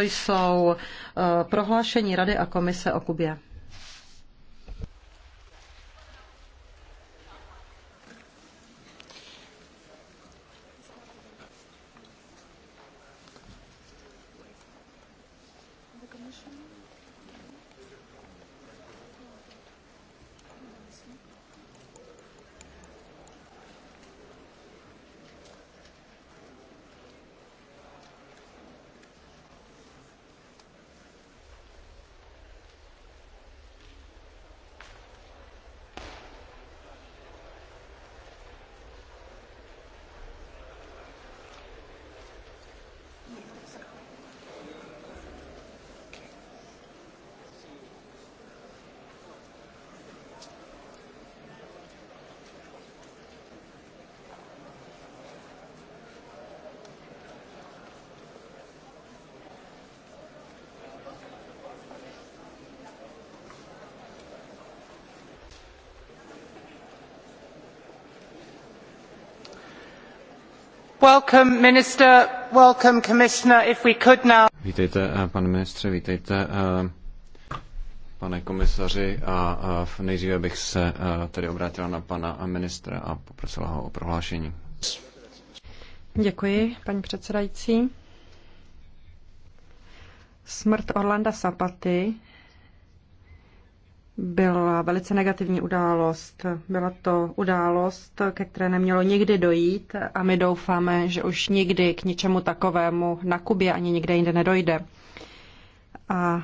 jsou eh, prohlášení Rady a Komise o Kubě. Vítejte, eh, pane ministře, vítejte, eh, pane komisaři. A eh, nejdříve bych se tedy obrátila na pana ministra a poprosila ho o prohlášení. Děkuji, paní předsedající. Smrt Orlanda Sapaty byla velice negativní událost. Byla to událost, ke které nemělo nikdy dojít a my doufáme, že už nikdy k ničemu takovému na Kubě ani nikde jinde nedojde. A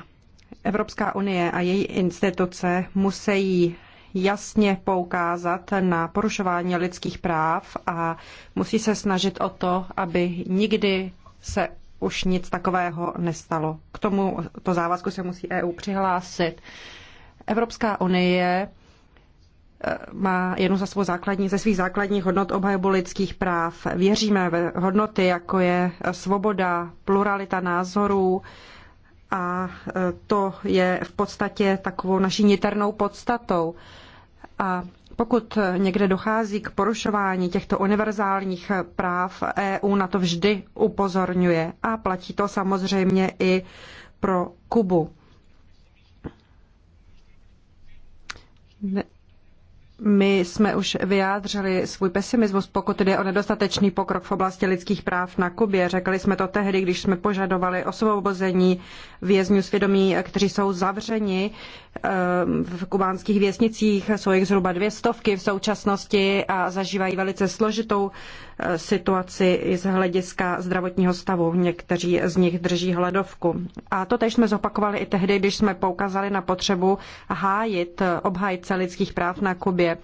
Evropská unie a její instituce musí jasně poukázat na porušování lidských práv a musí se snažit o to, aby nikdy se už nic takového nestalo. K tomu to závazku se musí EU přihlásit. Evropská unie eh, má jednu za svou základní, ze svých základních hodnot obhajobu lidských práv. Věříme v hodnoty, jako je svoboda, pluralita názorů a eh, to je v podstatě takovou naší niternou podstatou. A pokud někde dochází k porušování těchto univerzálních práv, EU na to vždy upozorňuje. A platí to samozřejmě i pro Kubu. My jsme už vyjádřili svůj pesimismus, pokud jde o nedostatečný pokrok v oblasti lidských práv na Kubě. Řekli jsme to tehdy, když jsme požadovali osvobození vězňů svědomí, kteří jsou zavřeni ehm, v kubánských věznicích. Jsou jich zhruba dvě stovky v současnosti a zažívají velice složitou situaci i z hlediska zdravotního stavu. Někteří z nich drží hledovku. A to tež jsme zopakovali i tehdy, když jsme poukázali na potřebu hájit obhájce lidských práv na Kubě.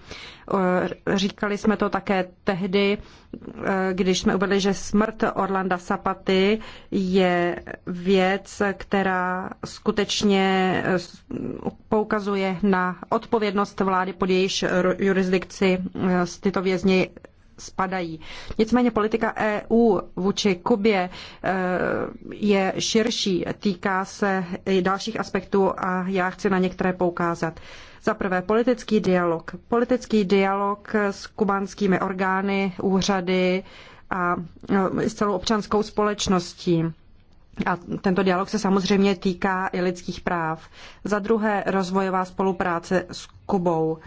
Eh, říkali jsme to také tehdy, eh, když jsme uvedli, že smrt Orlanda Sapaty je věc, která skutečně eh, poukazuje na odpovědnost vlády pod jejíž jurisdikci tyto vězni spadají. Nicméně politika EU vůči Kubě eh, je širší, týká se i dalších aspektů a já chci na některé poukázat. Za prvé politický dialog. Politický dialog s kubánskými orgány, úřady a eh, s celou občanskou společností. A tento dialog se samozřejmě týká i lidských práv. Za druhé rozvojová spolupráce s Kubou.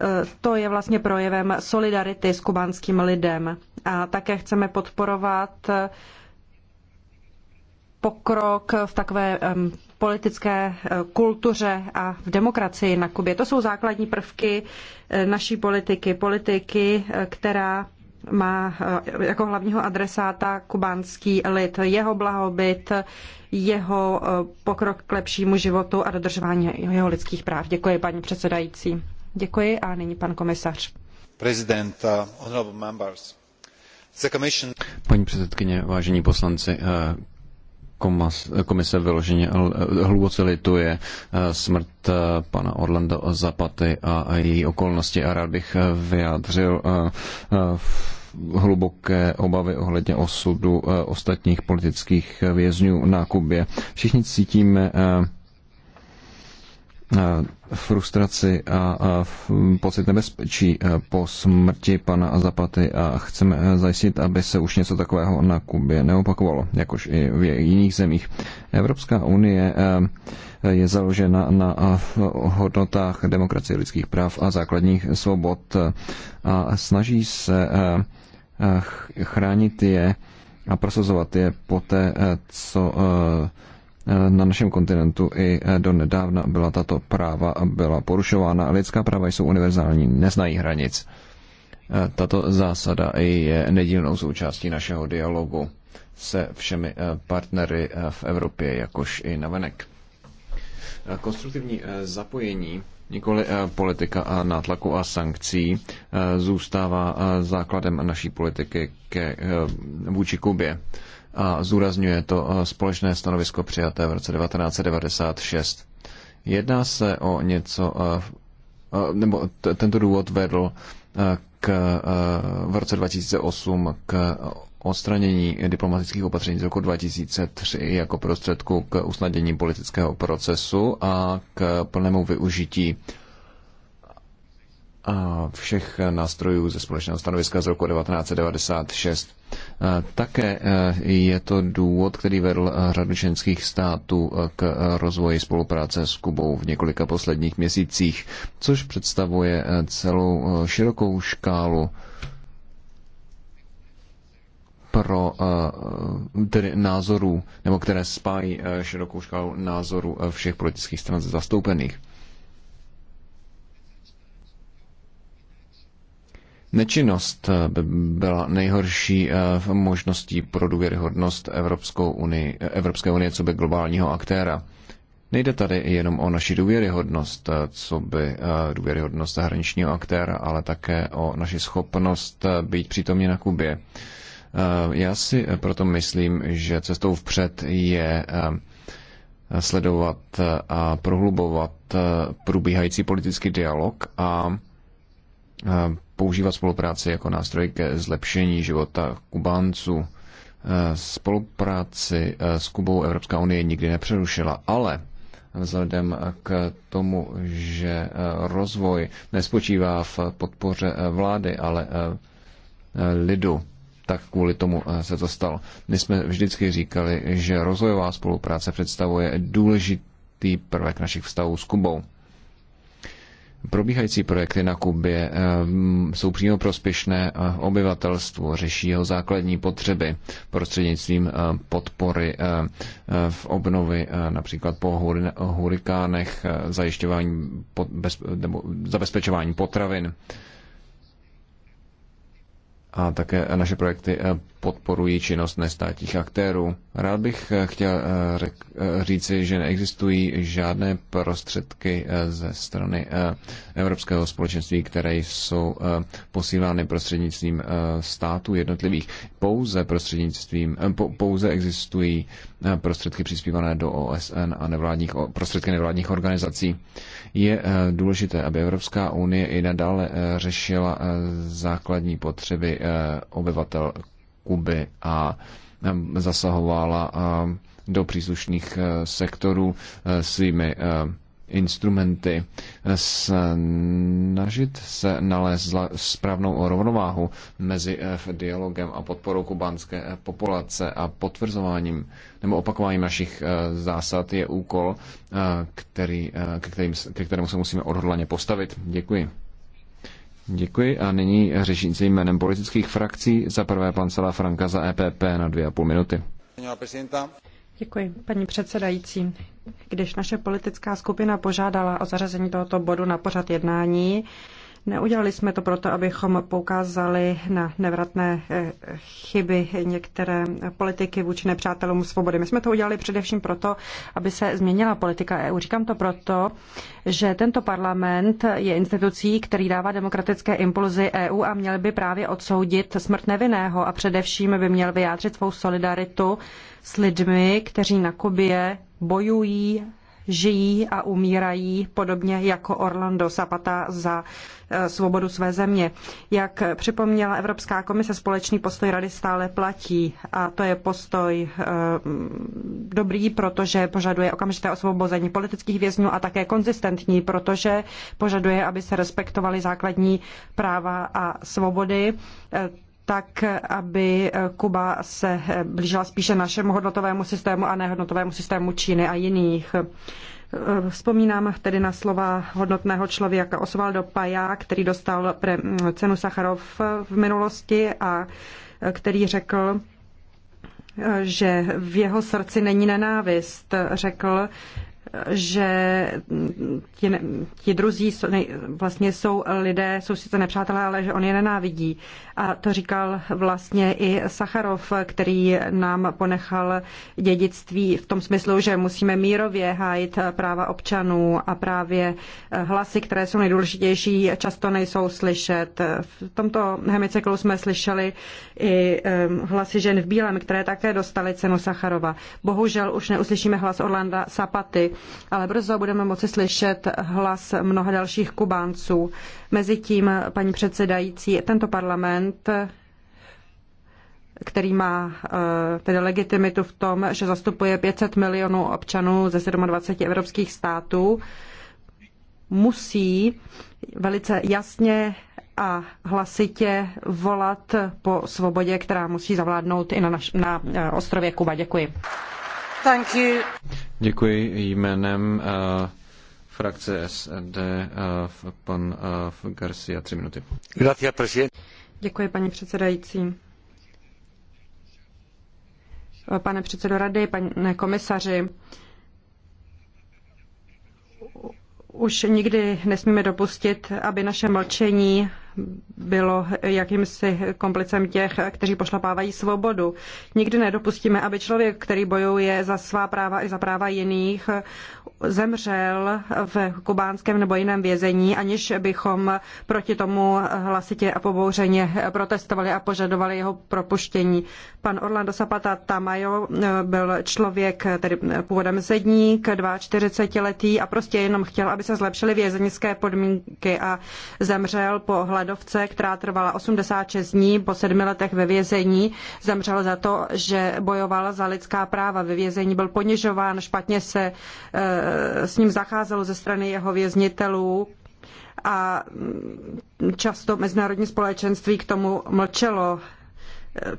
Eh, to je vlastně projevem solidarity s kubánským lidem. A také chceme podporovat eh, pokrok v takové politické eh, kultuře a v demokracii na Kubě. To jsou základní prvky naší politiky. Politiky, která má jako hlavního adresáta kubánský lid, jeho blahobyt, jeho pokrok k lepšímu životu a dodržování jeho lidských práv. Děkuji, paní předsedající. Děkuji a nyní pan komisař. Uh, Paní předsedkyně, vážení poslanci, uh, uh, komise vyloženě hluboce lituje smrt pana Orlando Zapaty a její okolnosti a rád bych vyjádřil hluboké obavy ohledně osudu ostatních politických vězňů na Kubě. Všichni cítíme Eh, frustraci a pocit nebezpečí eh, po smrti pana Zapaty a chceme eh, zajistit, aby se už něco takového na Kubě neopakovalo, jakož i v jiných zemích. Evropská unie je založena na hodnotách demokracie lidských práv a základních svobod a snaží se chránit je a prosazovat je poté, co na našem kontinentu i eh, do nedávna byla tato práva eh, byla porušována. Lidská práva jsou univerzální, neznají hranic. Eh, tato zásada je nedílnou součástí našeho dialogu se všemi partnery v Evropě, jakož i na venek. Konstruktivní zapojení Nikoli politika a nátlaku a sankcí zůstává základem naší politiky ke, vůči Kubě a zúrazňuje to eh, společné stanovisko přijaté v roce 1996. Jedná se o něco, eh, eh, nebo tento důvod vedl k, v roce 2008 k odstranění diplomatických opatření z roku 2003 jako prostředku k usnadnění politického procesu a k plnému využití a všech nástrojů ze společného stanoviska z roku 1996. Také e, je to důvod, který vedl řadu členských států e, k rozvoji spolupráce s Kubou v několika posledních měsících, což představuje e, celou širokou škálu pro tedy názorů, nebo které spájí širokou škálu názorů všech politických stran zastoupených. Nečinnost eh, by byla nejhorší eh, možností pro důvěryhodnost Evropskou unii, eh, Evropské unie co by globálního aktéra. Nejde tady jenom o naši důvěryhodnost, co by důvěryhodnost zahraničního aktéra, ale také o naši schopnost být přítomně na Kubě. Já si proto myslím, že cestou vpřed je sledovat a prohlubovat probíhající politický dialog a používat spolupráci jako nástroj ke zlepšení života Kubánců. E, spolupráci e, s Kubou Evropská unie nikdy nepřerušila, ale vzhledem k tomu, že e, rozvoj nespočívá v podpoře vlády, ale lidu, tak kvůli tomu se to stalo. My jsme vždycky říkali, že rozvojová spolupráce představuje důležitý prvek našich vztahů s Kubou. Probíhající projekty na Kubě eh, jsou přímo prospěšné obyvatelstvu, řeší jeho základní potřeby prostřednictvím eh, podpory eh, v obnovy například po hurikánech, zajišťování pod, bez, nebo zabezpečování potravin a také naše projekty eh, podporují činnost nestátních aktérů. Rád bych eh, chtěl eh, říci, že neexistují žádné prostředky ze strany Evropského společenství, které jsou posílány prostřednictvím států jednotlivých. Pouze prostřednictvím, pouze existují prostředky přispívané do OSN a nevládních, prostředky nevládních organizací. Je eh, důležité, aby Evropská unie i nadále eh, řešila eh, základní potřeby obyvatel Kuby a zasahovala do příslušných sektorů svými instrumenty, snažit se nalézt správnou rovnováhu mezi eh, dialogem a podporou kubánské eh, populace a potvrzováním nebo opakováním našich eh, zásad je úkol, který, ke, kterým, ke kterému se musíme odhodlaně postavit. Děkuji. Děkuji a nyní řešící jménem politických frakcí. Za prvé pan Sala Franka za EPP na dvě a půl minuty. Děkuji, paní předsedající. Když naše politická skupina požádala o zařazení tohoto bodu na pořad jednání, Neudělali jsme to proto, abychom poukázali na nevratné eh, chyby některé politiky vůči nepřátelům svobody. My jsme to udělali především proto, aby se změnila politika EU. Říkám to proto, že tento parlament je institucí, který dává demokratické impulzy EU a měl by právě odsoudit smrt nevinného a především by měl vyjádřit svou solidaritu s lidmi, kteří na Kubě bojují, žijí a umírají podobně jako Orlando Zapata za e, svobodu své země. Jak připomněla Evropská komise, společný postoj rady stále platí a to je postoj e, dobrý, protože požaduje okamžité osvobození politických vězňů a také konzistentní, protože požaduje, aby se respektovaly základní práva a svobody. E, tak, aby Kuba se blížila spíše našemu hodnotovému systému a ne hodnotovému systému Číny a jiných. Vzpomínám tedy na slova hodnotného člověka Osvaldo Paja, který dostal pre, cenu Sacharov v minulosti a který řekl, že v jeho srdci není nenávist. Řekl, že ti, ti druzí jsou, ne, vlastně jsou lidé, jsou sice nepřátelé, ale že on je nenávidí. A to říkal vlastně i Sacharov, který nám ponechal dědictví v tom smyslu, že musíme mírově hájit práva občanů a právě hlasy, které jsou nejdůležitější, často nejsou slyšet. V tomto hemicyklu jsme slyšeli i hlasy žen v bílém, které také dostaly cenu Sacharova. Bohužel už neuslyšíme hlas Orlanda Sapaty, ale brzo budeme moci slyšet hlas mnoha dalších Kubánců. Mezitím, paní předsedající, tento parlament který má eh, tedy legitimitu v tom, že zastupuje 500 milionů občanů ze 27 evropských států, musí velice jasně a hlasitě volat po svobodě, která musí zavládnout i na, naš, na eh, ostrově Kuba. Děkuji. Thank you. Děkuji jménem uh, frakce SD uh, eh, pan uh, Garcia, tři minuty. Děkuji, paní předsedající. Pane předsedo rady, pane komisaři, už nikdy nesmíme dopustit, aby naše mlčení bylo jakýmsi komplicem těch, kteří pošlapávají svobodu. Nikdy nedopustíme, aby člověk, který bojuje za svá práva i za práva jiných, zemřel v kubánském nebo jiném vězení, aniž bychom proti tomu hlasitě a pobouřeně protestovali a požadovali jeho propuštění. Pan Orlando Zapata Tamayo byl člověk, tedy původem zedník, 42 letý a prostě jenom chtěl, aby se zlepšily vězeňské podmínky a zemřel po hladu hladovce, která trvala 86 dní po sedmi letech ve vězení. Zemřel za to, že bojoval za lidská práva. Ve vězení byl ponižován, špatně se eh, s ním zacházelo ze strany jeho věznitelů a často mezinárodní společenství k tomu mlčelo.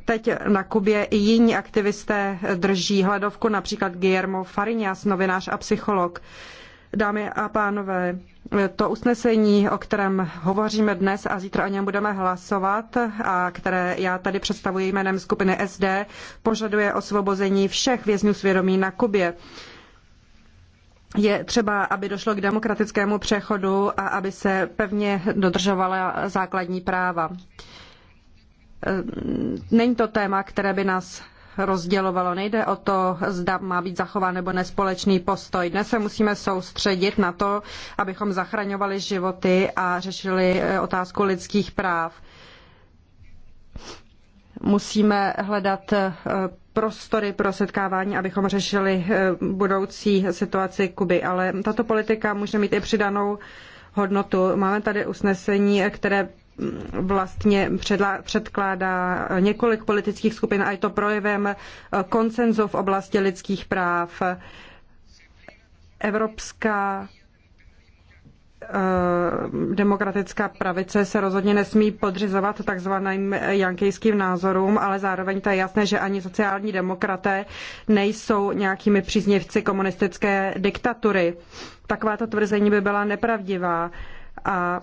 Teď na Kubě i jiní aktivisté drží hladovku, například Guillermo Fariñas, novinář a psycholog. Dámy a pánové, to usnesení, o kterém hovoříme dnes a zítra o něm budeme hlasovat a které já tady představuji jménem skupiny SD, požaduje osvobození všech vězňů svědomí na Kubě. Je třeba, aby došlo k demokratickému přechodu a aby se pevně dodržovala základní práva. Ehm, není to téma, které by nás rozdělovalo. Nejde o to, zda má být zachován nebo nespolečný postoj. Dnes se musíme soustředit na to, abychom zachraňovali životy a řešili eh, otázku lidských práv. Musíme hledat eh, prostory pro setkávání, abychom řešili eh, budoucí situaci Kuby. Ale tato politika může mít i přidanou hodnotu. Máme tady usnesení, které vlastně předkládá několik politických skupin a je to projevem koncenzu v oblasti lidských práv. Evropská eh, demokratická pravice se rozhodně nesmí podřizovat takzvaným jankejským názorům, ale zároveň to je jasné, že ani sociální demokraté nejsou nějakými příznivci komunistické diktatury. Takováto tvrzení by byla nepravdivá a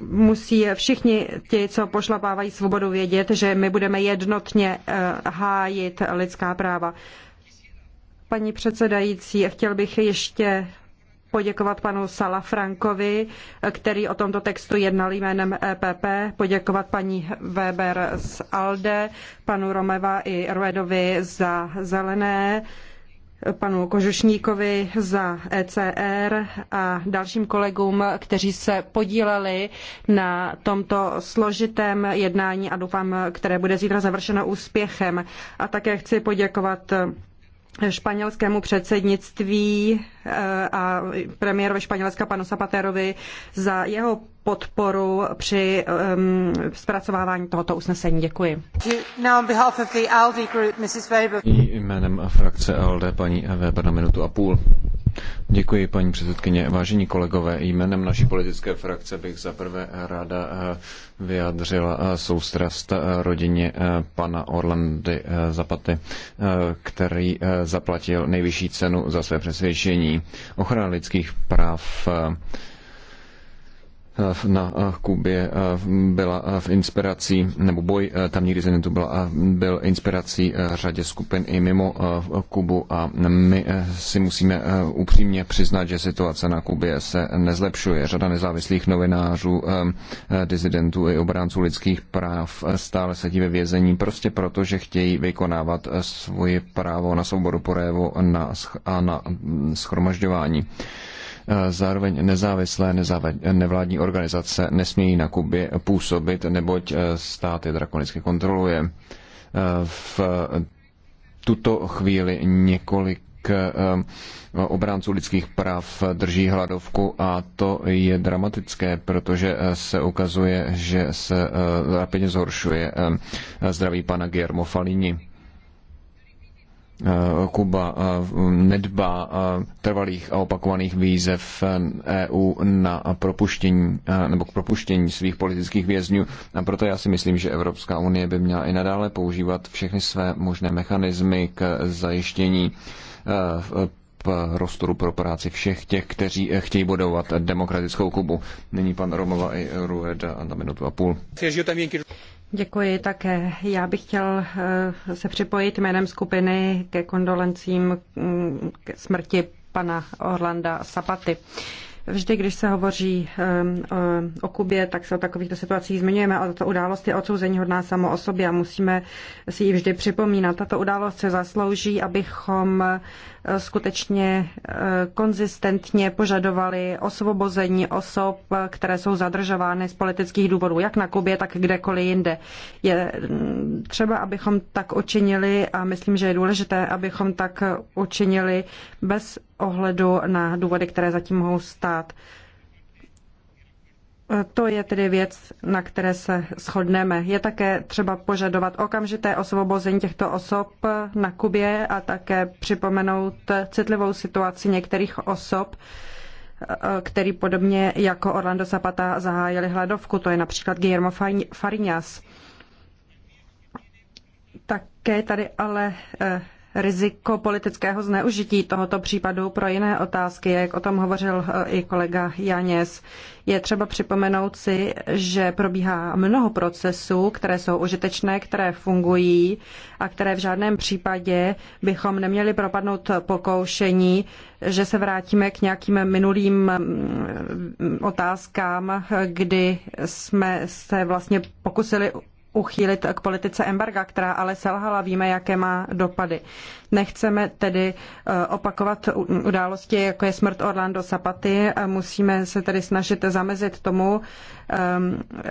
musí všichni ti, co pošlapávají svobodu, vědět, že my budeme jednotně eh, hájit lidská práva. Paní předsedající, chtěl bych ještě poděkovat panu Salafrankovi, který o tomto textu jednal jménem EPP, poděkovat paní Weber z ALDE, panu Romeva i Ruedovi za zelené panu Kožušníkovi za ECR a dalším kolegům, kteří se podíleli na tomto složitém jednání a doufám, které bude zítra završeno úspěchem. A také chci poděkovat španělskému předsednictví eh, a premiérovi Španělska panu Zapaterovi za jeho podporu při um, zpracovávání tohoto usnesení. Děkuji. Jménem frakce ALDE paní Weber na minutu a půl. Děkuji, paní předsedkyně. Vážení kolegové, jménem naší politické frakce bych zaprvé ráda eh, vyjádřila eh, soustrast eh, rodině pana Orlandy Zapaty, který zaplatil nejvyšší cenu za své přesvědčení. Ochrana lidských práv na eh, Kubě eh, byla eh, v inspirací, nebo boj tamních nikdy byla, byl inspirací řadě skupin i mimo Kubu a my si musíme upřímně přiznat, že situace na Kubě se nezlepšuje. Řada nezávislých novinářů, dizidentů i obránců lidských práv stále sedí ve vězení prostě proto, že chtějí vykonávat svoje právo na svobodu projevu a na mm, schromažďování. Eh, zároveň nezávislé nevládní organizace nesmějí na Kubě působit, neboť eh, stát je drakonicky kontroluje. Eh, v tuto chvíli několik obránců lidských práv drží hladovku a to je dramatické, protože se ukazuje, že se rapidně zhoršuje zdraví pana Guillermo Falini Eh, Kuba eh, nedbá eh, trvalých a opakovaných výzev EU e na propuštění nebo k propuštění svých politických vězňů. A proto já si myslím, že Evropská unie by měla i nadále používat všechny své možné mechanismy k zajištění prostoru pro práci všech těch, kteří chtějí budovat demokratickou Kubu. Nyní pan Romova i Rueda na minutu a půl. Děkuji také. Já bych chtěl eh, se připojit jménem skupiny ke kondolencím mm, k smrti pana Orlanda Sapaty. Vždy, když se hovoří um, o Kubě, tak se o takovýchto situacích zmiňujeme, ale tato událost je odsouzení hodná samo o sobě a musíme si ji vždy připomínat. Tato událost se zaslouží, abychom eh, skutečně eh, konzistentně požadovali osvobození osob, které jsou zadržovány z politických důvodů, jak na Kubě, tak kdekoliv jinde. Je mm, třeba, abychom tak učinili a myslím, že je důležité, abychom tak učinili bez ohledu na důvody, které zatím mohou stát stát. To je tedy věc, na které se shodneme. Je také třeba požadovat okamžité osvobození těchto osob na Kubě a také připomenout citlivou situaci některých osob, který podobně jako Orlando Zapata zahájili hladovku. To je například Guillermo Farinas. Také tady ale eh, riziko politického zneužití tohoto případu pro jiné otázky, jak o tom hovořil eh, i kolega Janěz. Je třeba připomenout si, že probíhá mnoho procesů, které jsou užitečné, které fungují a které v žádném případě bychom neměli propadnout pokoušení, že se vrátíme k nějakým minulým mm, otázkám, kdy jsme se vlastně pokusili uchýlit k politice embarga, která ale selhala, víme, jaké má dopady. Nechceme tedy eh, opakovat události, jako je smrt Orlando Sapaty, musíme se tedy snažit zamezit tomu, ehm, eh,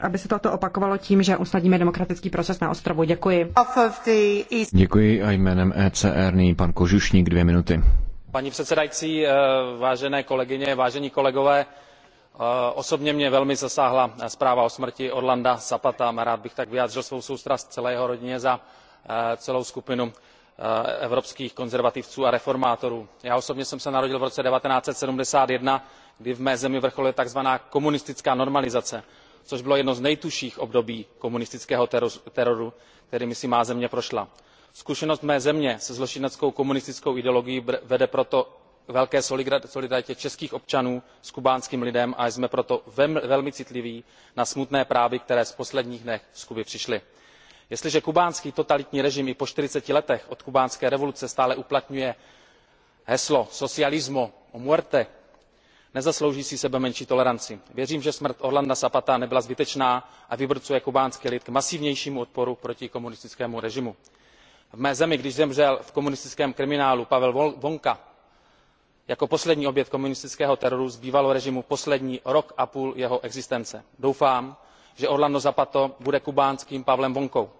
aby se toto opakovalo tím, že usnadníme demokratický proces na ostrovu. Děkuji. Děkuji a jménem ECR nyní pan Kožušník dvě minuty. Paní předsedající, eh, vážené kolegyně, vážení kolegové, osobně mě velmi zasáhla zpráva o smrti orlanda zapaty rád bych tak vyjádřil svou soustrast celé jeho rodině za eh, celou skupinu eh, evropských konzervativců a reformátorů. já osobně jsem se narodil v roce one thousand nine hundred and seventy one kdy v mé zemi vrcholila takzvaná komunistická normalizace což bylo jedno z nejtužších období komunistického teroru kterým si má země prošla. zkušenost mé země se zločineckou komunistickou ideologií vede proto velké solidaritě českých občanů s kubánským lidem a jsme proto velmi citliví na smutné zprávy které v posledních dnech z kuby přišly. jestliže kubánský totalitní režim i po forty letech od kubánské revoluce stále uplatňuje heslo socialismo o muerte nezaslouží si sebemenší toleranci. věřím že smrt orlanda zapaty nebyla zbytečná a vyburcuje kubánský lid k masivnějšímu odporu proti komunistickému režimu. v mé zemi když zemřel v komunistickém kriminálu pavel vonka jako poslední oběť komunistického teroru z bývalého režimu poslední rok a půl jeho existence. doufám že orlando zapato bude kubánským pavlem vonkou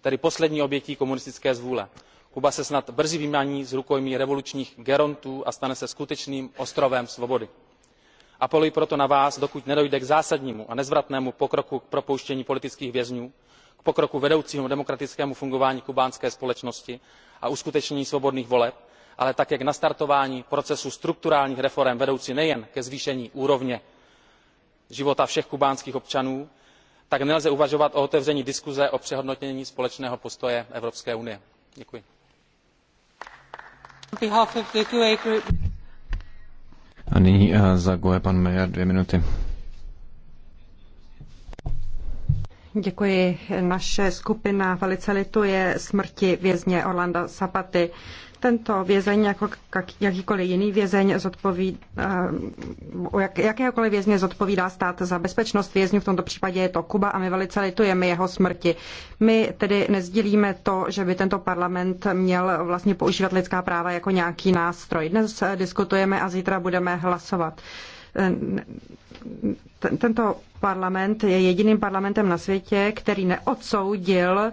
tedy poslední obětí komunistické zvůle. kuba se snad brzy vymaní z rukojmí revolučních gerontů a stane se skutečným ostrovem svobody. apeluji proto na vás dokud nedojde k zásadnímu a nezvratnému pokroku k propouštění politických vězňů k pokroku vedoucímu k demokratickému fungování kubánské společnosti a uskutečnění svobodných voleb ale také k nastartování procesu strukturálních reforem vedoucích nejen ke zvýšení úrovně života všech kubánských občanů tak nelze uvažovat o otevření diskuse o přehodnocení společného postoje evropské unie. děkuji. Eh, za e dvě minuty. Děkuji. Naše skupina velice lituje smrti vězně Orlanda Zapaty. Tento vězeň, jako jakýkoliv jiný vězeň, zodpovídá, eh, jak, jakéhokoliv vězně zodpovídá stát za bezpečnost vězňů, v tomto případě je to Kuba a my velice litujeme jeho smrti. My tedy nezdílíme to, že by tento parlament měl vlastně používat lidská práva jako nějaký nástroj. Dnes eh, diskutujeme a zítra budeme hlasovat eh, tento parlament je jediným parlamentem na světě, který neodsoudil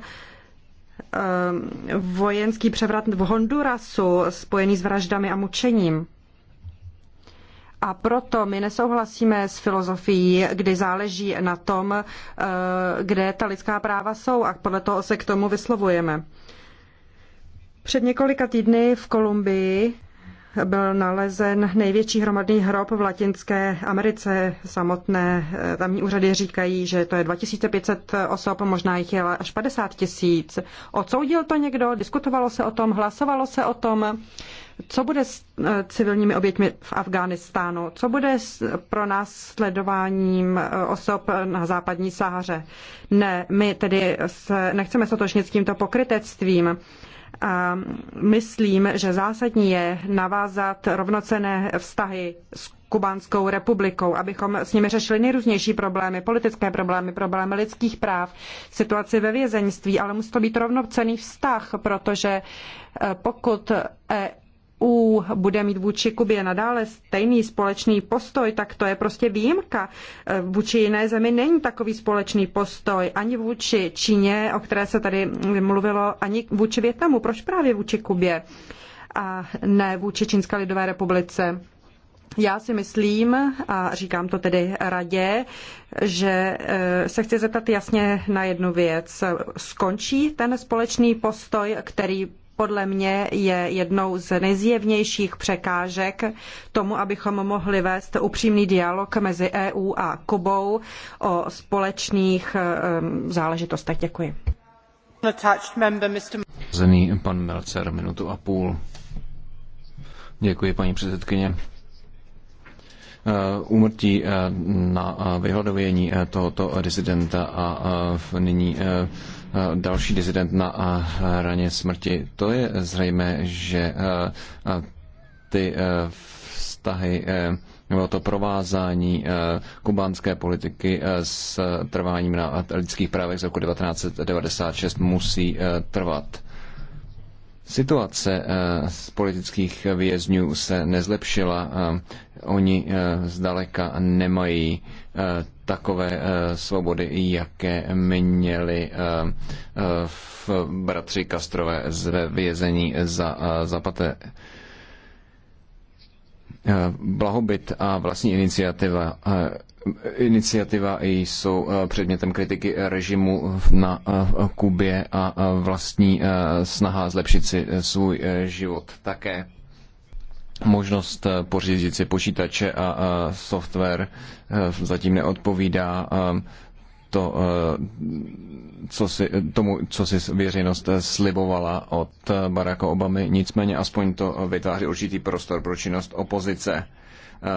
Um, vojenský převrat v Hondurasu spojený s vraždami a mučením. A proto my nesouhlasíme s filozofií, kdy záleží na tom, uh, kde ta lidská práva jsou a podle toho se k tomu vyslovujeme. Před několika týdny v Kolumbii byl nalezen největší hromadný hrob v Latinské Americe. Samotné eh, tamní úřady říkají, že to je 2500 osob, možná jich je až 50 tisíc. Odsoudil to někdo? Diskutovalo se o tom? Hlasovalo se o tom? Co bude s eh, civilními oběťmi v Afghánistánu? Co bude pro nás sledováním eh, osob na západní Sáhaře? Ne, my tedy se nechceme sotočnit s tímto pokrytectvím. A myslím, že zásadní je navázat rovnocené vztahy s Kubánskou republikou, abychom s nimi řešili nejrůznější problémy, politické problémy, problémy lidských práv, situaci ve vězeňství, ale musí to být rovnocený vztah, protože eh, pokud EU bude mít vůči Kubě nadále stejný společný postoj, tak to je prostě výjimka. E, vůči jiné zemi není takový společný postoj, ani vůči Číně, o které se tady mluvilo, ani vůči Větnamu. Proč právě vůči Kubě a ne vůči Čínské lidové republice? Já si myslím, a říkám to tedy radě, že e, se chci zeptat jasně na jednu věc. Skončí ten společný postoj, který podle mě je jednou z nejzjevnějších překážek tomu, abychom mohli vést upřímný dialog mezi EU a Kubou o společných ehm, záležitostech. Děkuji. Zený pan Melcer, minutu a půl. Děkuji, paní předsedkyně eh, úmrtí eh, na eh, vyhladovění tohoto disidenta a nyní další dizident na raně smrti. To je zřejmé, že ty vztahy nebo to provázání kubánské politiky s trváním na lidských právech z roku 1996 musí trvat. Situace z politických vězňů se nezlepšila. Oni zdaleka nemají takové eh, svobody, jaké měli eh, eh, v bratři Kastrové z vězení za zapaté. Blahobyt a vlastní iniciativa iniciativa jsou předmětem kritiky režimu na Kubě a vlastní snaha zlepšit si svůj život také možnost eh, pořídit si počítače a software eh, zatím neodpovídá ehm, to, eh, co si, tomu, co si věřejnost slibovala od Baracka Obamy. Nicméně aspoň to vytváří určitý prostor pro činnost opozice.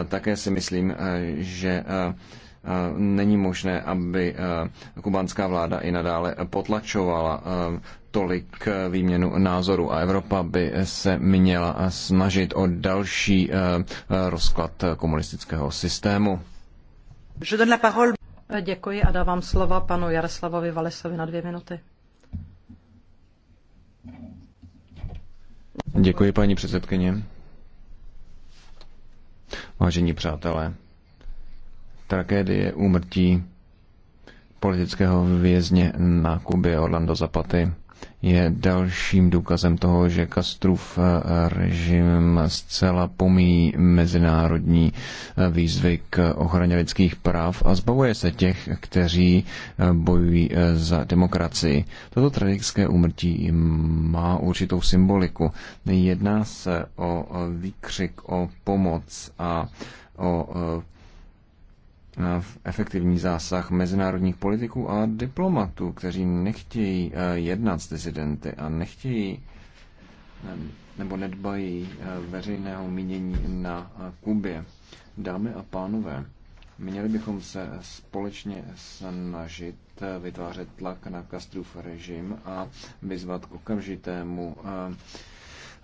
Také si myslím, že Eh, není možné, aby eh, kubánská vláda i nadále potlačovala eh, tolik výměnu názorů a Evropa by se měla snažit o další rozklad komunistického systému. Děkuji a dávám slova panu Jaroslavovi Valesovi na dvě minuty. Děkuji, paní předsedkyně. Vážení přátelé, tragédie úmrtí politického vězně na Kubě Orlando Zapaty je dalším důkazem toho, že Kastrův eh, režim zcela pomíjí mezinárodní eh, výzvy k ochraně lidských práv a zbavuje se těch, kteří eh, bojují za demokracii. Toto tragické úmrtí má určitou symboliku. Jedná se o výkřik o pomoc a o efektivní zásah mezinárodních politiků a diplomatů, kteří nechtějí eh, jednat s disidenty a nechtějí eh, nebo nedbají eh, veřejného mínění na Kubě. Dámy a pánové, měli bychom se společně snažit vytvářet tlak na Kastrův režim a vyzvat k okamžitému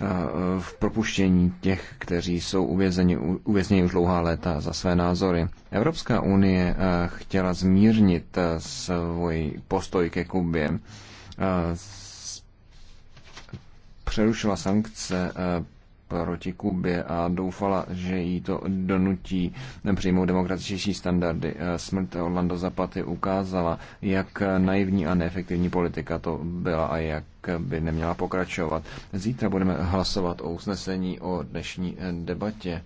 Eh, v propuštění těch, kteří jsou uvězeni, uvězněni už dlouhá léta za své názory. Evropská unie eh, chtěla zmírnit eh, svůj postoj ke Kubě. Přerušila sankce proti Kubě a doufala, že jí to donutí přijmout demokratičnější standardy. Eh, Smrt Orlando Zapaty ukázala, jak naivní a neefektivní politika to byla a jak by neměla pokračovat. Zítra budeme hlasovat o usnesení o dnešní eh, debatě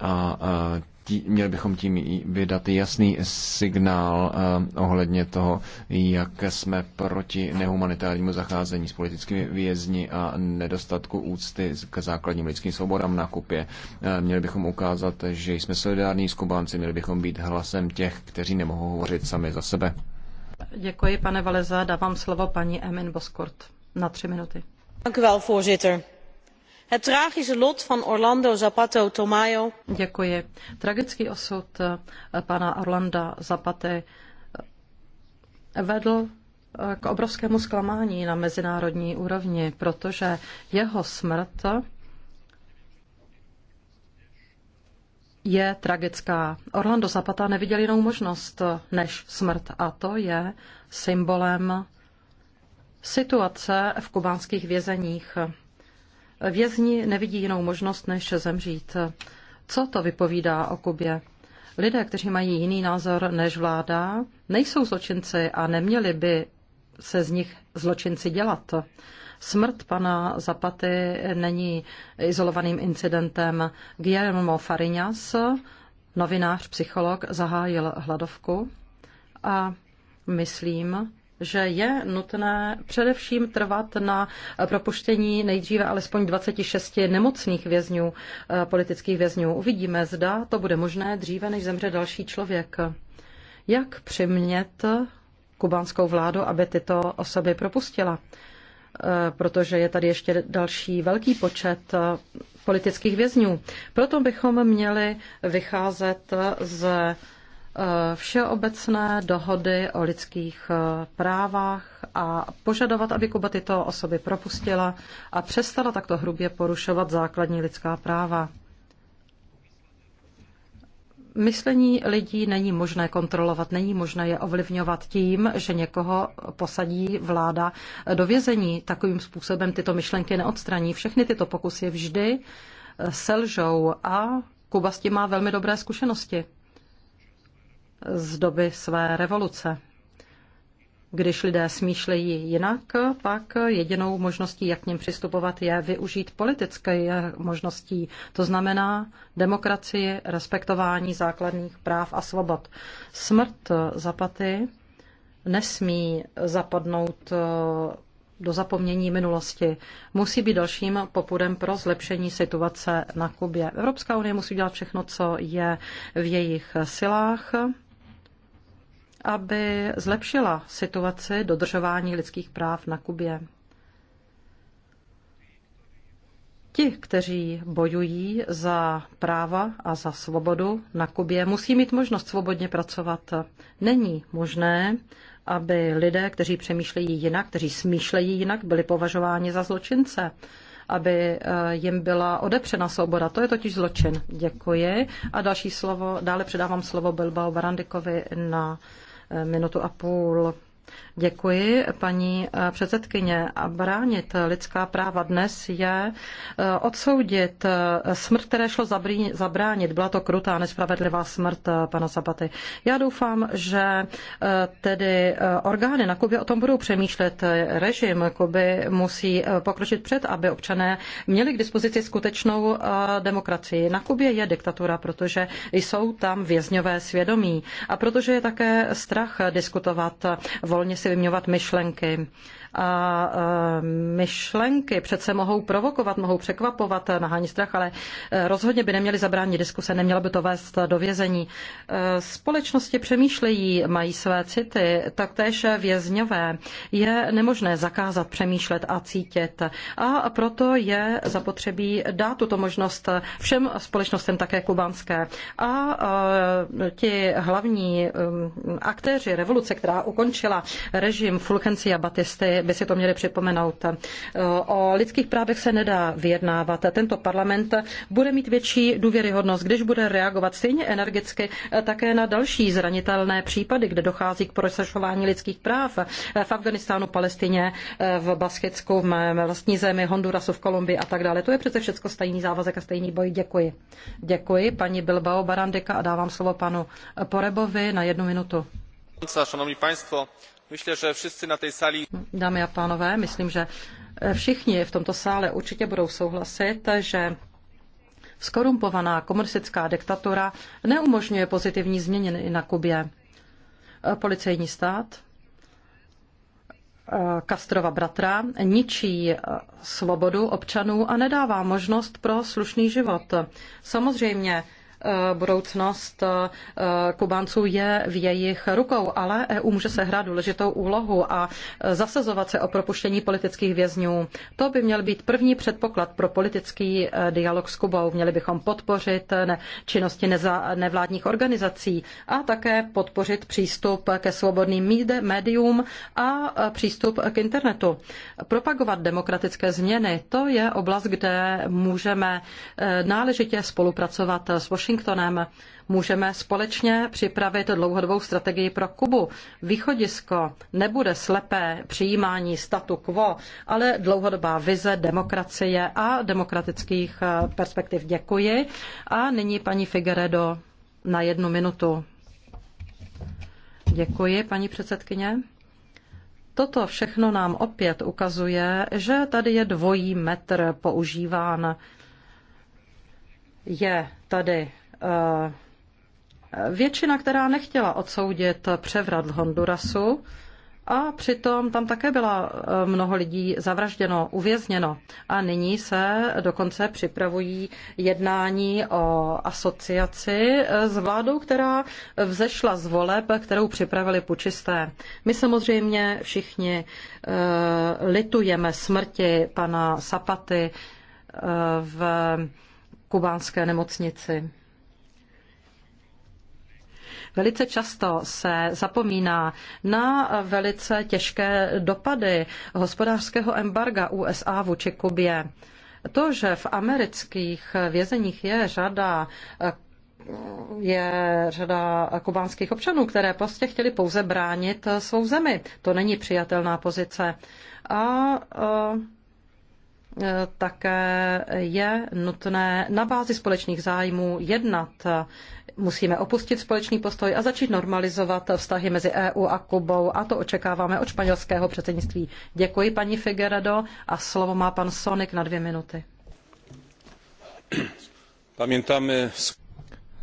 a tí, měli bychom tím vydat jasný signál ohledně toho, jak jsme proti nehumanitárnímu zacházení s politickými vězni a nedostatku úcty k základním lidským svobodám na Kupě. Měli bychom ukázat, že jsme solidární s Kubánci, měli bychom být hlasem těch, kteří nemohou hovořit sami za sebe. Děkuji, pane Valeza. Dávám slovo paní Emin Boskort na tři minuty. Dank u wel, voorzitter het tragische lot van Orlando Zapato Tomayo. Tragický osud eh, pana Orlanda Zapate eh, vedl eh, k obrovskému zklamání na mezinárodní úrovni, protože jeho smrt je tragická. Orlando Zapata neviděl jinou možnost než smrt a to je symbolem situace v kubánských vězeních. Vězni nevidí jinou možnost, než zemřít. Co to vypovídá o Kubě? Lidé, kteří mají jiný názor než vláda, nejsou zločinci a neměli by se z nich zločinci dělat. Smrt pana Zapaty není izolovaným incidentem. Guillermo Farinas, novinář, psycholog, zahájil hladovku a myslím, že je nutné především trvat na propuštění nejdříve alespoň 26 nemocných vězňů, eh, politických vězňů. Uvidíme, zda to bude možné dříve, než zemře další člověk. Jak přimět kubánskou vládu, aby tyto osoby propustila? Eh, protože je tady ještě další velký počet eh, politických vězňů. Proto bychom měli vycházet z Eh, všeobecné dohody o lidských eh, právách a požadovat, aby Kuba tyto osoby propustila a přestala takto hrubě porušovat základní lidská práva. Myšlení lidí není možné kontrolovat, není možné je ovlivňovat tím, že někoho posadí vláda do vězení. Takovým způsobem tyto myšlenky neodstraní. Všechny tyto pokusy vždy eh, selžou a Kuba s tím má velmi dobré zkušenosti z doby své revoluce. Když lidé smýšlejí jinak, pak jedinou možností, jak k ním přistupovat, je využít politické možností, to znamená demokracii, respektování základních práv a svobod. Smrt Zapaty nesmí zapadnout eh, do zapomnění minulosti. Musí být dalším popudem pro zlepšení situace na Kubě. Evropská unie musí dělat všechno, co je v jejich silách aby zlepšila situaci dodržování lidských práv na Kubě. Ti, kteří bojují za práva a za svobodu na Kubě, musí mít možnost svobodně pracovat. Není možné, aby lidé, kteří přemýšlejí jinak, kteří smýšlejí jinak, byli považováni za zločince aby eh, jim byla odepřena svoboda. To je totiž zločin. Děkuji. A další slovo, dále předávám slovo Bilbao Barandikovi na minutu a půl. Děkuji, paní eh, předsedkyně. A bránit lidská práva dnes je eh, odsoudit eh, smrt, které šlo zabránit. Byla to krutá, nespravedlivá smrt pana Sabaty. Já doufám, že tedy orgány na Kubě o tom budou přemýšlet. Režim Kuby musí pokročit před, aby občané měli k dispozici skutečnou demokracii. Na Kubě je diktatura, protože jsou tam vězňové svědomí a protože je také strach diskutovat volby volně si vyměňovat myšlenky. A e, myšlenky přece mohou provokovat, mohou překvapovat, e, nahání strach, ale e, rozhodně by neměly zabránit diskuse, nemělo by to vést do vězení. Společnosti přemýšlejí, mají své city, taktéž vězňové. Je nemožné zakázat přemýšlet a cítit. A proto je zapotřebí dát tuto možnost všem společnostem, také kubánské. A ti hlavní aktéři revoluce, která ukončila režim Fulgencia Batisty, by si to měli připomenout. O lidských právech se nedá vyjednávat. Tento parlament bude mít větší důvěryhodnost, když bude reagovat stejně energicky také na další zranitelné případy, kde dochází k prosašování lidských práv v Afganistánu, Palestině, v Baskicku, v mé vlastní zemi, Hondurasu, v Kolumbii a tak dále. To je přece všechno stejný závazek a stejný boj. Děkuji. Děkuji paní Bilbao Barandika a dávám slovo panu Porebovi na jednu minutu. Szanowni Państwo, Myślę, že na sali... Dámy a pánové, myslím, že eh, všichni v tomto sále určitě budou souhlasit, že skorumpovaná komunistická diktatura neumožňuje pozitivní změny na Kubě. Eh, policejní stát, eh, Kastrova bratra, ničí svobodu občanů a nedává možnost pro slušný život. Samozřejmě Eh, budoucnost eh, Kubánců je v jejich rukou, ale EU může sehrát důležitou úlohu a eh, zasazovat se o propuštění politických vězňů. To by měl být první předpoklad pro politický dialog s Kubou. Měli bychom podpořit činnosti nevládních organizací a také podpořit přístup ke svobodným médium a přístup k internetu. Propagovat demokratické změny, to je oblast, kde můžeme náležitě spolupracovat s Washingtonem Washingtonem. Můžeme společně připravit dlouhodobou strategii pro Kubu. Východisko nebude slepé přijímání statu quo, ale dlouhodobá vize demokracie a demokratických eh, perspektiv. Děkuji. A nyní paní Figueredo na jednu minutu. Děkuji, paní předsedkyně. Toto všechno nám opět ukazuje, že tady je dvojí metr používán. Je tady Eh, většina, která nechtěla odsoudit převrat v Hondurasu, a přitom tam také byla eh, mnoho lidí zavražděno, uvězněno. A nyní se dokonce připravují jednání o asociaci eh, s vládou, která vzešla z voleb, kterou připravili pučisté. My samozřejmě všichni litujeme smrti pana Sapaty v kubánské nemocnici. Velice často se zapomíná na velice těžké dopady hospodářského embarga USA vůči Kubě. To, že v amerických vězeních je řada je řada kubánských občanů, které prostě chtěli pouze bránit svou zemi. To není přijatelná pozice. A, a eh, Eh, také je nutné na bázi společných zájmů jednat. Musíme opustit společný postoj a začít normalizovat vztahy mezi EU a Kubou a to očekáváme od španělského předsednictví. Děkuji paní Figueredo a slovo má pan Sonik na dvě minuty. Pamětáme...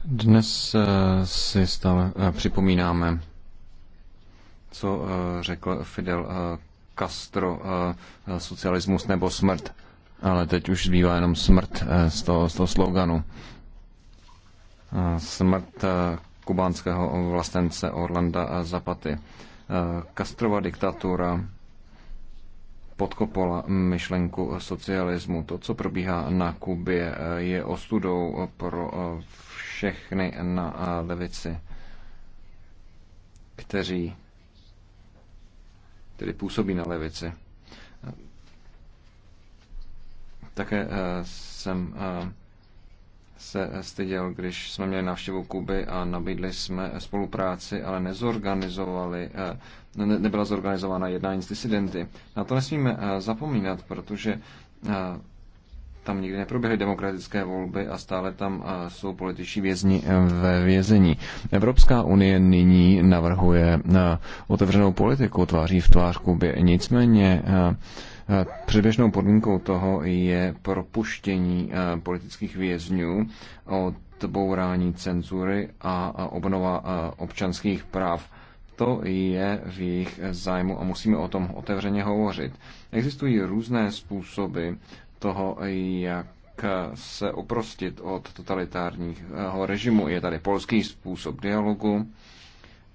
Dnes eh, si stále eh, připomínáme, co řekl Fidel Castro, eh, eh, socialismus nebo smrt. Ale teď už zbývá jenom smrt eh, z toho, z toho sloganu. Smrt kubánského vlastence Orlanda Zapaty. Kastrova diktatura podkopala myšlenku socialismu. To, co probíhá na Kubě, je ostudou pro všechny na levici, kteří tedy působí na levici. Také eh, jsem eh, se styděl, když jsme měli návštěvu Kuby a nabídli jsme spolupráci, ale nezorganizovali, eh, ne, nebyla zorganizována jednání s disidenty. Na to nesmíme zapomínat, protože tam nikdy neproběhly demokratické volby a stále tam eh, jsou političní vězni eh, ve vězení. Evropská unie nyní navrhuje eh, otevřenou politiku tváří v tvář Kubě. Nicméně předběžnou podmínkou toho je propuštění politických vězňů od bourání cenzury a obnova občanských práv to je v jejich zájmu a musíme o tom otevřeně hovořit. Existují různé způsoby, toho, jak se oprostit od totalitárního režimu. Je tady polský způsob dialogu,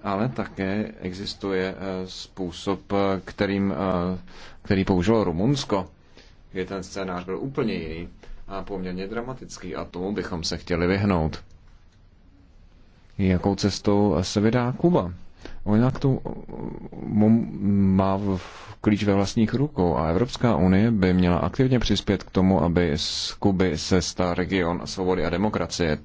ale také existuje eh, způsob, eh, kterým, eh, který použilo Rumunsko, Je ten scénář byl úplně jiný a poměrně dramatický a tomu bychom se chtěli vyhnout. Jakou cestou se vydá Kuba? Ona k tomu mm, mm, má klíč ve vlastních rukou a Evropská unie by měla aktivně přispět k tomu, aby z Kuby se stal region svobody a demokracie.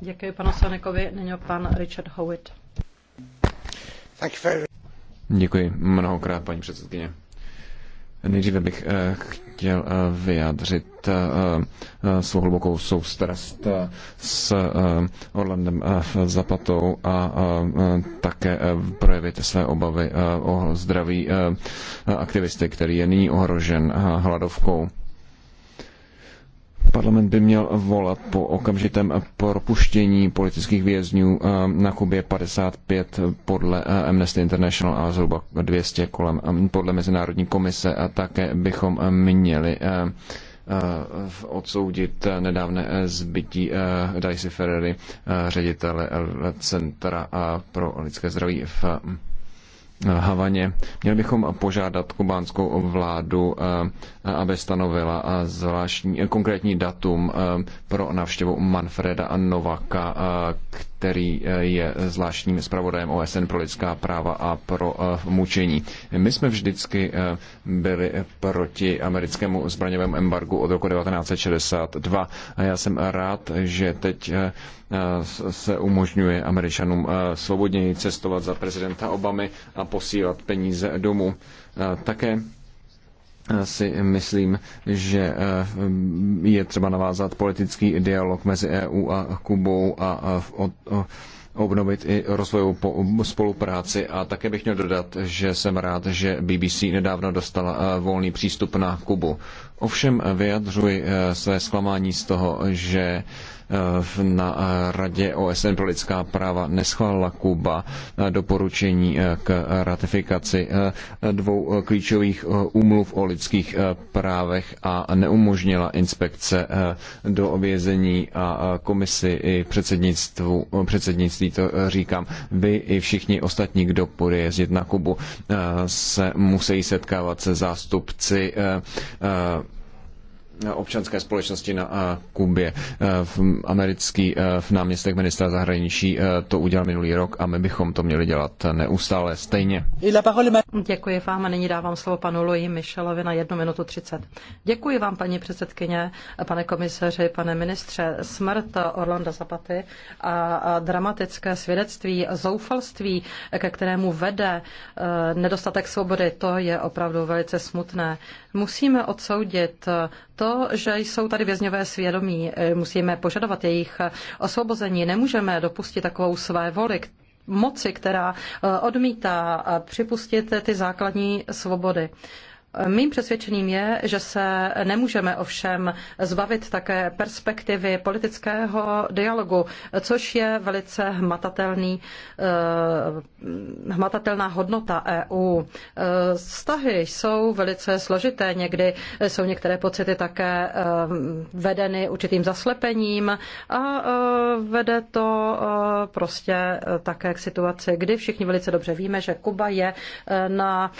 Děkuji panu Sanekovi, nyní pan Richard Howitt. Děkuji mnohokrát, paní předsedkyně. Nejdříve bych eh, chtěl eh, vyjádřit eh, svou hlubokou soustrast s Orlandem Zapatou a také projevit své obavy o zdraví aktivisty, který je nyní ohrožen hladovkou. Parlament by měl volat po okamžitém propuštění politických vězňů eh, na Kubě 55 podle eh, Amnesty International a zhruba 200 kolem, eh, podle Mezinárodní komise a také bychom měli odsoudit nedávné zbytí Dicey Ferrery, ředitele Centra pro lidské zdraví v Havaně. Měli bychom požádat kubánskou vládu, eh, aby stanovila eh, zvláštní, eh, konkrétní datum pro návštěvu Manfreda Novaka, který je zvláštním zpravodajem OSN pro lidská práva a pro mučení. My jsme vždycky byli proti americkému zbraňovému embargu od roku 1962 a já jsem rád, že teď Eh, se umožňuje američanům eh, svobodněji cestovat za prezidenta Obamy a posílat peníze domů. Eh, také si myslím, že je třeba navázat politický dialog mezi EU a Kubou a obnovit i rozvojovou spolupráci. A také bych měl dodat, že jsem rád, že BBC nedávno dostala volný přístup na Kubu. Ovšem eh, vyjadřuji eh, své zklamání z toho, že eh, na Radě OSN pro lidská práva neschválila Kuba doporučení k ratifikaci dvou klíčových úmluv o lidských právech a neumožnila inspekce do vězení a komisi i předsednictvu, předsednictví, to říkám, vy i všichni ostatní, kdo půjde jezdit na Kubu, se musí setkávat se zástupci občanské společnosti na eh, Kubě. Eh, v americký eh, v náměstek ministra zahraničí to udělal minulý rok a my bychom to měli dělat neustále stejně. Děkuji vám a nyní dávám slovo panu Louis Michelovi na 1 minutu 30. Děkuji vám, paní předsedkyně, pane komisaři, pane ministře. Smrt Orlanda Zapaty a dramatické svědectví zoufalství, ke kterému vede nedostatek svobody, to je opravdu velice smutné. Musíme odsoudit to, že jsou tady vězňové svědomí. E, musíme požadovat jejich osvobození. Nemůžeme dopustit takovou své voli moci, která e, odmítá připustit ty základní svobody. Mým přesvědčením je, že se nemůžeme ovšem zbavit také perspektivy politického dialogu, což je velice hmatatelný, eh, hmatatelná hodnota EU. Eh, vztahy jsou velice složité, někdy jsou některé pocity také eh, vedeny určitým zaslepením a vede to prostě také k situaci, kdy všichni velice dobře víme, že Kuba je na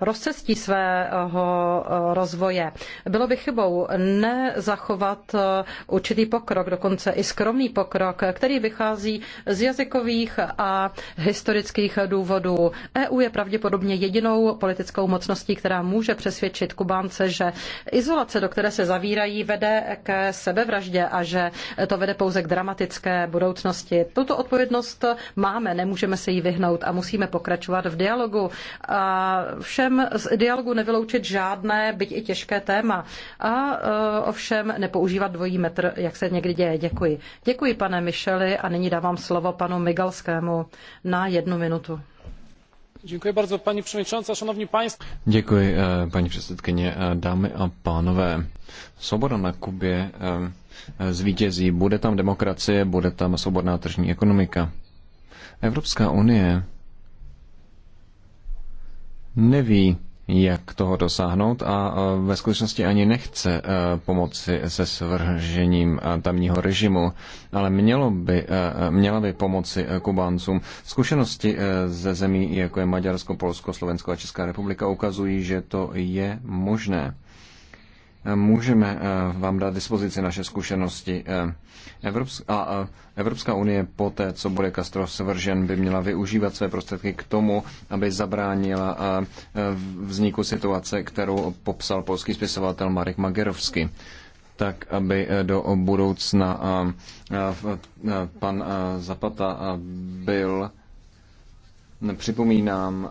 rozcestí svého eh, rozvoje. Bylo by chybou nezachovat eh, určitý pokrok, dokonce i skromný pokrok, který vychází z jazykových a historických důvodů. EU je pravděpodobně jedinou politickou mocností, která může přesvědčit Kubánce, že izolace, do které se zavírají, vede k sebevraždě a že to vede pouze k dramatické budoucnosti. Tuto odpovědnost máme, nemůžeme se jí vyhnout a musíme pokračovat v dialogu. A všem ovšem z dialogu nevyloučit žádné, byť i těžké téma. A eh, ovšem nepoužívat dvojí metr, jak se někdy děje. Děkuji. Děkuji, pane Micheli, a nyní dávám slovo panu Migalskému na jednu minutu. Děkuji bardzo, paní předsedkyně, šanovní państwo. Děkuji, eh, paní předsedkyně, eh, dámy a pánové. Svoboda na Kubě zvítězí. Bude tam demokracie, bude tam svobodná tržní ekonomika. Evropská unie neví, jak toho dosáhnout a ve skutečnosti ani nechce e, pomoci se svržením e, tamního režimu, ale mělo by, e, měla by pomoci Kubáncům. Zkušenosti ze zemí, jako je Maďarsko, Polsko, Slovensko a Česká republika, ukazují, že to je možné. Můžeme vám dát dispozici naše zkušenosti. Evropská, a Evropská unie po té, co bude Castro svržen, by měla využívat své prostředky k tomu, aby zabránila vzniku situace, kterou popsal polský spisovatel Marek Magerovský tak aby e, do budoucna pan Zapata byl, připomínám,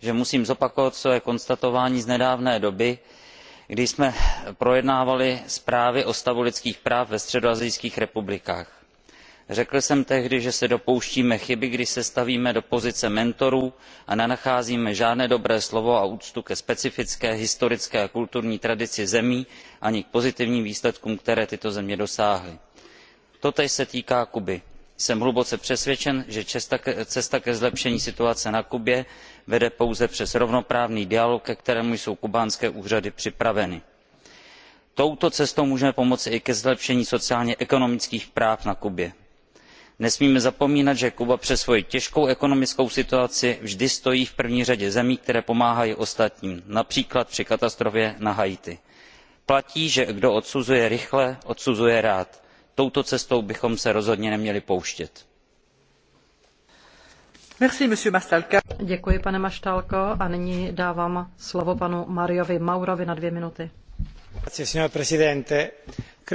že musím zopakovat své konstatování z nedávné doby kdy jsme projednávali zprávy o stavu lidských práv ve středoasijských republikách. řekl jsem tehdy že se dopouštíme chyby když se stavíme do pozice mentorů a nenacházíme žádné dobré slovo a úctu ke specifické historické a kulturní tradici zemí ani k pozitivním výsledkům které tyto země dosáhly. totéž se týká kuby. jsem hluboce přesvědčen že cesta ke zlepšení situace na kubě vede pouze přes rovnoprávný dialog ke kterému jsou kubánské úřady připraveny. touto cestou můžeme pomoci i ke zlepšení sociálně ekonomických práv na kubě. nesmíme zapomínat že kuba přes svoji těžkou ekonomickou situaci vždy stojí v první řadě zemí které pomáhají ostatním například při katastrofě na haiti. platí že kdo odsuzuje rychle odsuzuje rád. touto cestou bychom se rozhodně neměli pouštět. Děkuji, pane Maštálko. A nyní dávám slovo panu Mariovi Maurovi na dvě minuty.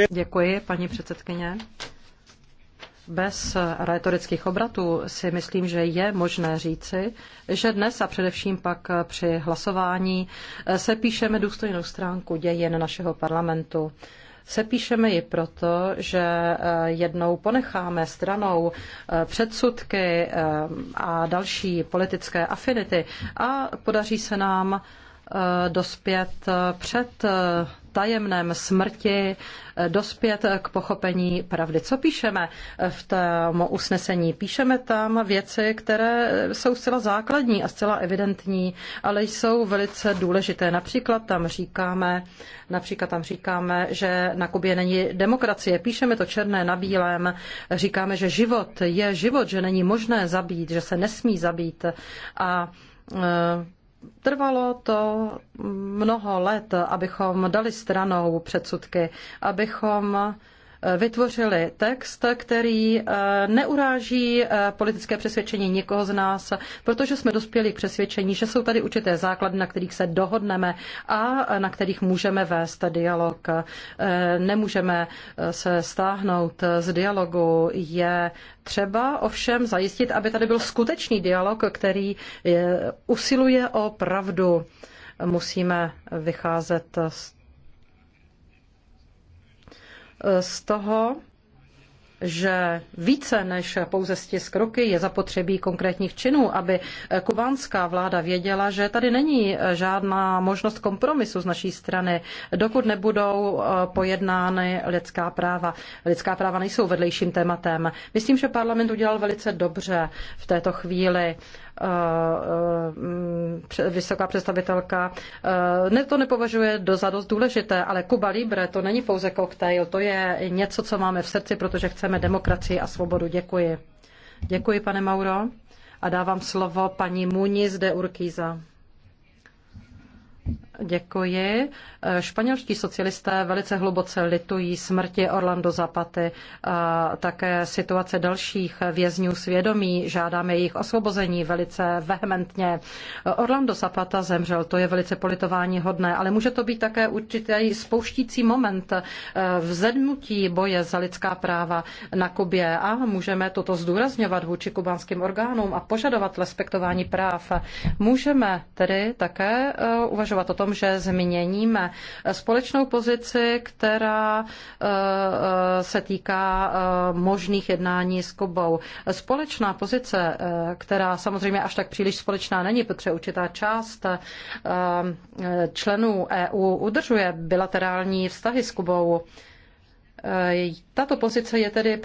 Děkuji, paní předsedkyně. Bez rétorických obratů si myslím, že je možné říci, že dnes a především pak při hlasování se píšeme důstojnou stránku dějin našeho parlamentu. Sepíšeme ji proto, že e, jednou ponecháme stranou e, předsudky e, a další politické afinity a podaří se nám dospět před tajemném smrti eh, dospět k pochopení pravdy. Co píšeme eh, v tom usnesení? Píšeme tam věci, které eh, jsou zcela základní a zcela evidentní, ale jsou velice důležité. Například tam říkáme, například tam říkáme, že na Kubě není demokracie. Píšeme to černé na bílém. Říkáme, že život je život, že není možné zabít, že se nesmí zabít. A Trvalo to mnoho let, abychom dali stranou předsudky, abychom vytvořili text, který eh, neuráží eh, politické přesvědčení nikoho z nás, protože jsme dospěli k přesvědčení, že jsou tady určité základy, na kterých se dohodneme a na kterých můžeme vést dialog. Eh, nemůžeme se stáhnout z dialogu. Je třeba ovšem zajistit, aby tady byl skutečný dialog, který usiluje o pravdu. Musíme vycházet z Eh, z toho, že více než pouze stisk ruky je zapotřebí konkrétních činů, aby eh, kubánská vláda věděla, že tady není eh, žádná možnost kompromisu z naší strany, dokud nebudou pojednány lidská práva. Lidská práva nejsou vedlejším tématem. Myslím, že parlament udělal velice dobře v této chvíli Eh, eh, mm, vysoká představitelka eh, ne, to nepovažuje do za dost důležité, ale Kuba Libre to není pouze koktejl, to je něco, co máme v srdci, protože chceme demokracii a svobodu. Děkuji. Děkuji, pane Mauro. A dávám slovo paní Muniz de Urquiza. Děkuji. Eh, španělští socialisté velice hluboce litují smrti Orlando Zapaty a eh, také situace dalších vězňů svědomí. Žádáme jejich osvobození velice vehementně. Eh, Orlando Zapata zemřel, to je velice politování hodné, ale může to být také určitý spouštící moment vzednutí boje za lidská práva na Kubě a můžeme toto zdůrazňovat vůči kubánským orgánům a požadovat respektování práv. Můžeme tedy také uvažovat o tom, tom, že změníme společnou pozici, která eh, eh, se týká eh, možných jednání s Kubou. Společná pozice, která samozřejmě až tak příliš společná není, protože určitá část členů EU udržuje bilaterální vztahy s Kubou. Eh, tato pozice je tedy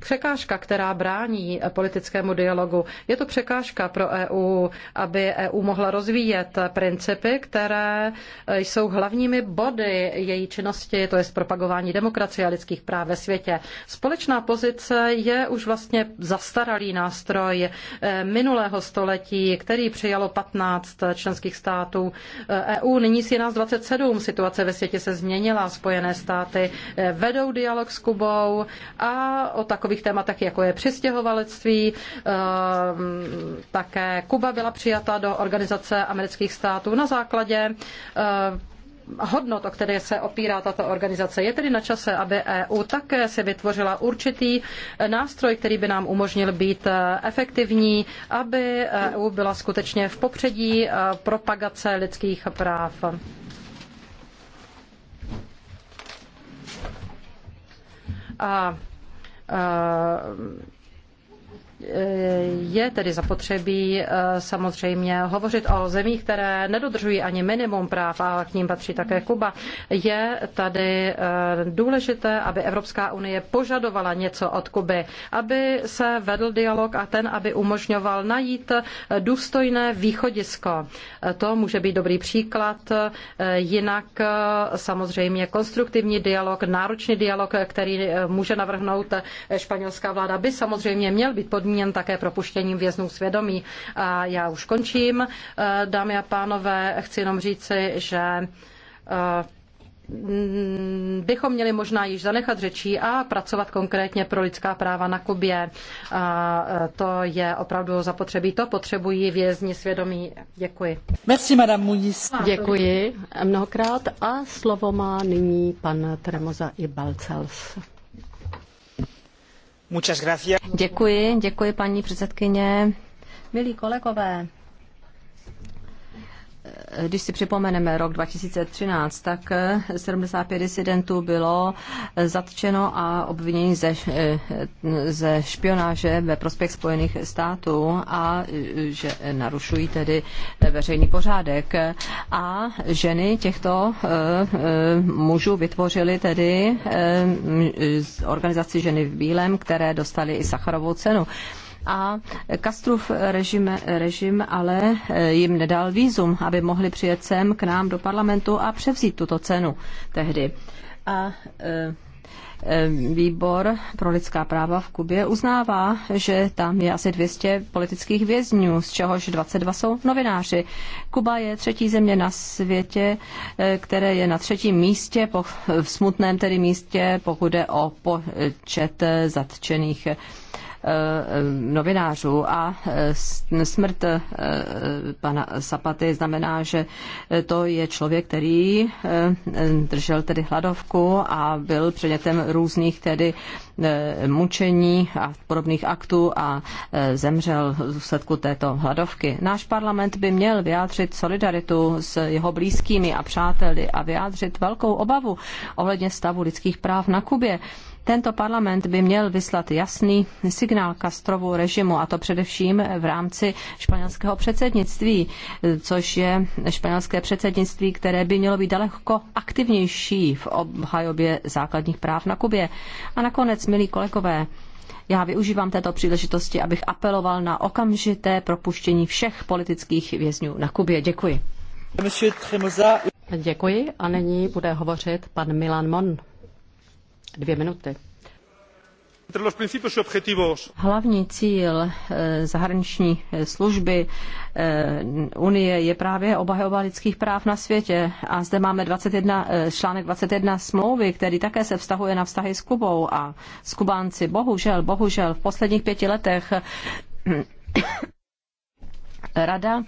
překážka, která brání politickému dialogu. Je to překážka pro EU, aby EU mohla rozvíjet principy, které eh, jsou hlavními body její činnosti, to je propagování demokracie a lidských práv ve světě. Společná pozice je už vlastně zastaralý nástroj eh, minulého století, který přijalo 15 členských států EU. E nyní si nás 27. Situace ve světě se změnila. Spojené státy vedou dialog s Kubou a o takových tématech, jako je přistěhovalectví. Ehm, také Kuba byla přijata do Organizace amerických států na základě ehm, hodnot, o které se opírá tato organizace. Je tedy na čase, aby EU také si vytvořila určitý nástroj, který by nám umožnil být eh, efektivní, aby EU byla skutečně v popředí eh, propagace lidských práv. a, je tedy zapotřebí eh, samozřejmě hovořit o zemích, které nedodržují ani minimum práv a k ním patří také Kuba. Je tady eh, důležité, aby Evropská unie požadovala něco od Kuby, aby se vedl dialog a ten, aby umožňoval najít eh, důstojné východisko. To může být dobrý příklad, jinak samozřejmě konstruktivní dialog, náročný dialog, který může navrhnout španělská vláda, by samozřejmě měl být pod podmíněn také propuštěním věznů svědomí. A já už končím. Eh, dámy a pánové, chci jenom říci, že eh, bychom měli možná již zanechat řečí a pracovat konkrétně pro lidská práva na Kubě. A eh, to je opravdu zapotřebí. To potřebují vězni svědomí. Děkuji. Merci, Madame Muniz. Děkuji mnohokrát a slovo má nyní pan Tremoza i Balcels. Děkuji, děkuji paní předsedkyně. Milí kolegové, když si připomeneme rok 2013, tak 75 eh, disidentů bylo eh, zatčeno a obvinění ze, eh, ze špionáže ve prospěch Spojených států a že narušují tedy veřejný pořádek. A ženy těchto mužů vytvořily tedy organizaci Ženy v Bílém, které dostaly i Sacharovou cenu a Kastrův režim, režim ale eh, jim nedal výzum, aby mohli přijet sem k nám do parlamentu a převzít tuto cenu tehdy. A eh, eh, Výbor pro lidská práva v Kubě uznává, že tam je asi 200 politických vězňů, z čehož 22 jsou novináři. Kuba je třetí země na světě, které je na třetím místě, po, v smutném tedy místě, pokud jde o počet zatčených Eh, novinářů a eh, smrt eh, pana Sapaty znamená, že to je člověk, který držel tedy hladovku a byl předmětem různých tedy mučení a podobných aktů a zemřel v důsledku této hladovky. Náš parlament by měl vyjádřit solidaritu s jeho blízkými a přáteli a vyjádřit velkou obavu ohledně stavu lidských práv na Kubě. Tento parlament by měl vyslat jasný signál Castrovu režimu, a to především v rámci španělského předsednictví, což je španělské předsednictví, které by mělo být daleko aktivnější v obhajobě základních práv na Kubě. A nakonec, milí kolegové, já využívám této příležitosti, abych apeloval na okamžité propuštění všech politických vězňů na Kubě. Děkuji. Děkuji a nyní bude hovořit pan Milan Mon. Dvě minuty. Hlavní cíl eh, zahraniční eh, služby eh, Unie je právě obhajoba lidských práv na světě. A zde máme 21, článek 21 smlouvy, který také se vztahuje na vztahy s Kubou a s Kubánci. Bohužel, bohužel, v posledních pěti letech Rada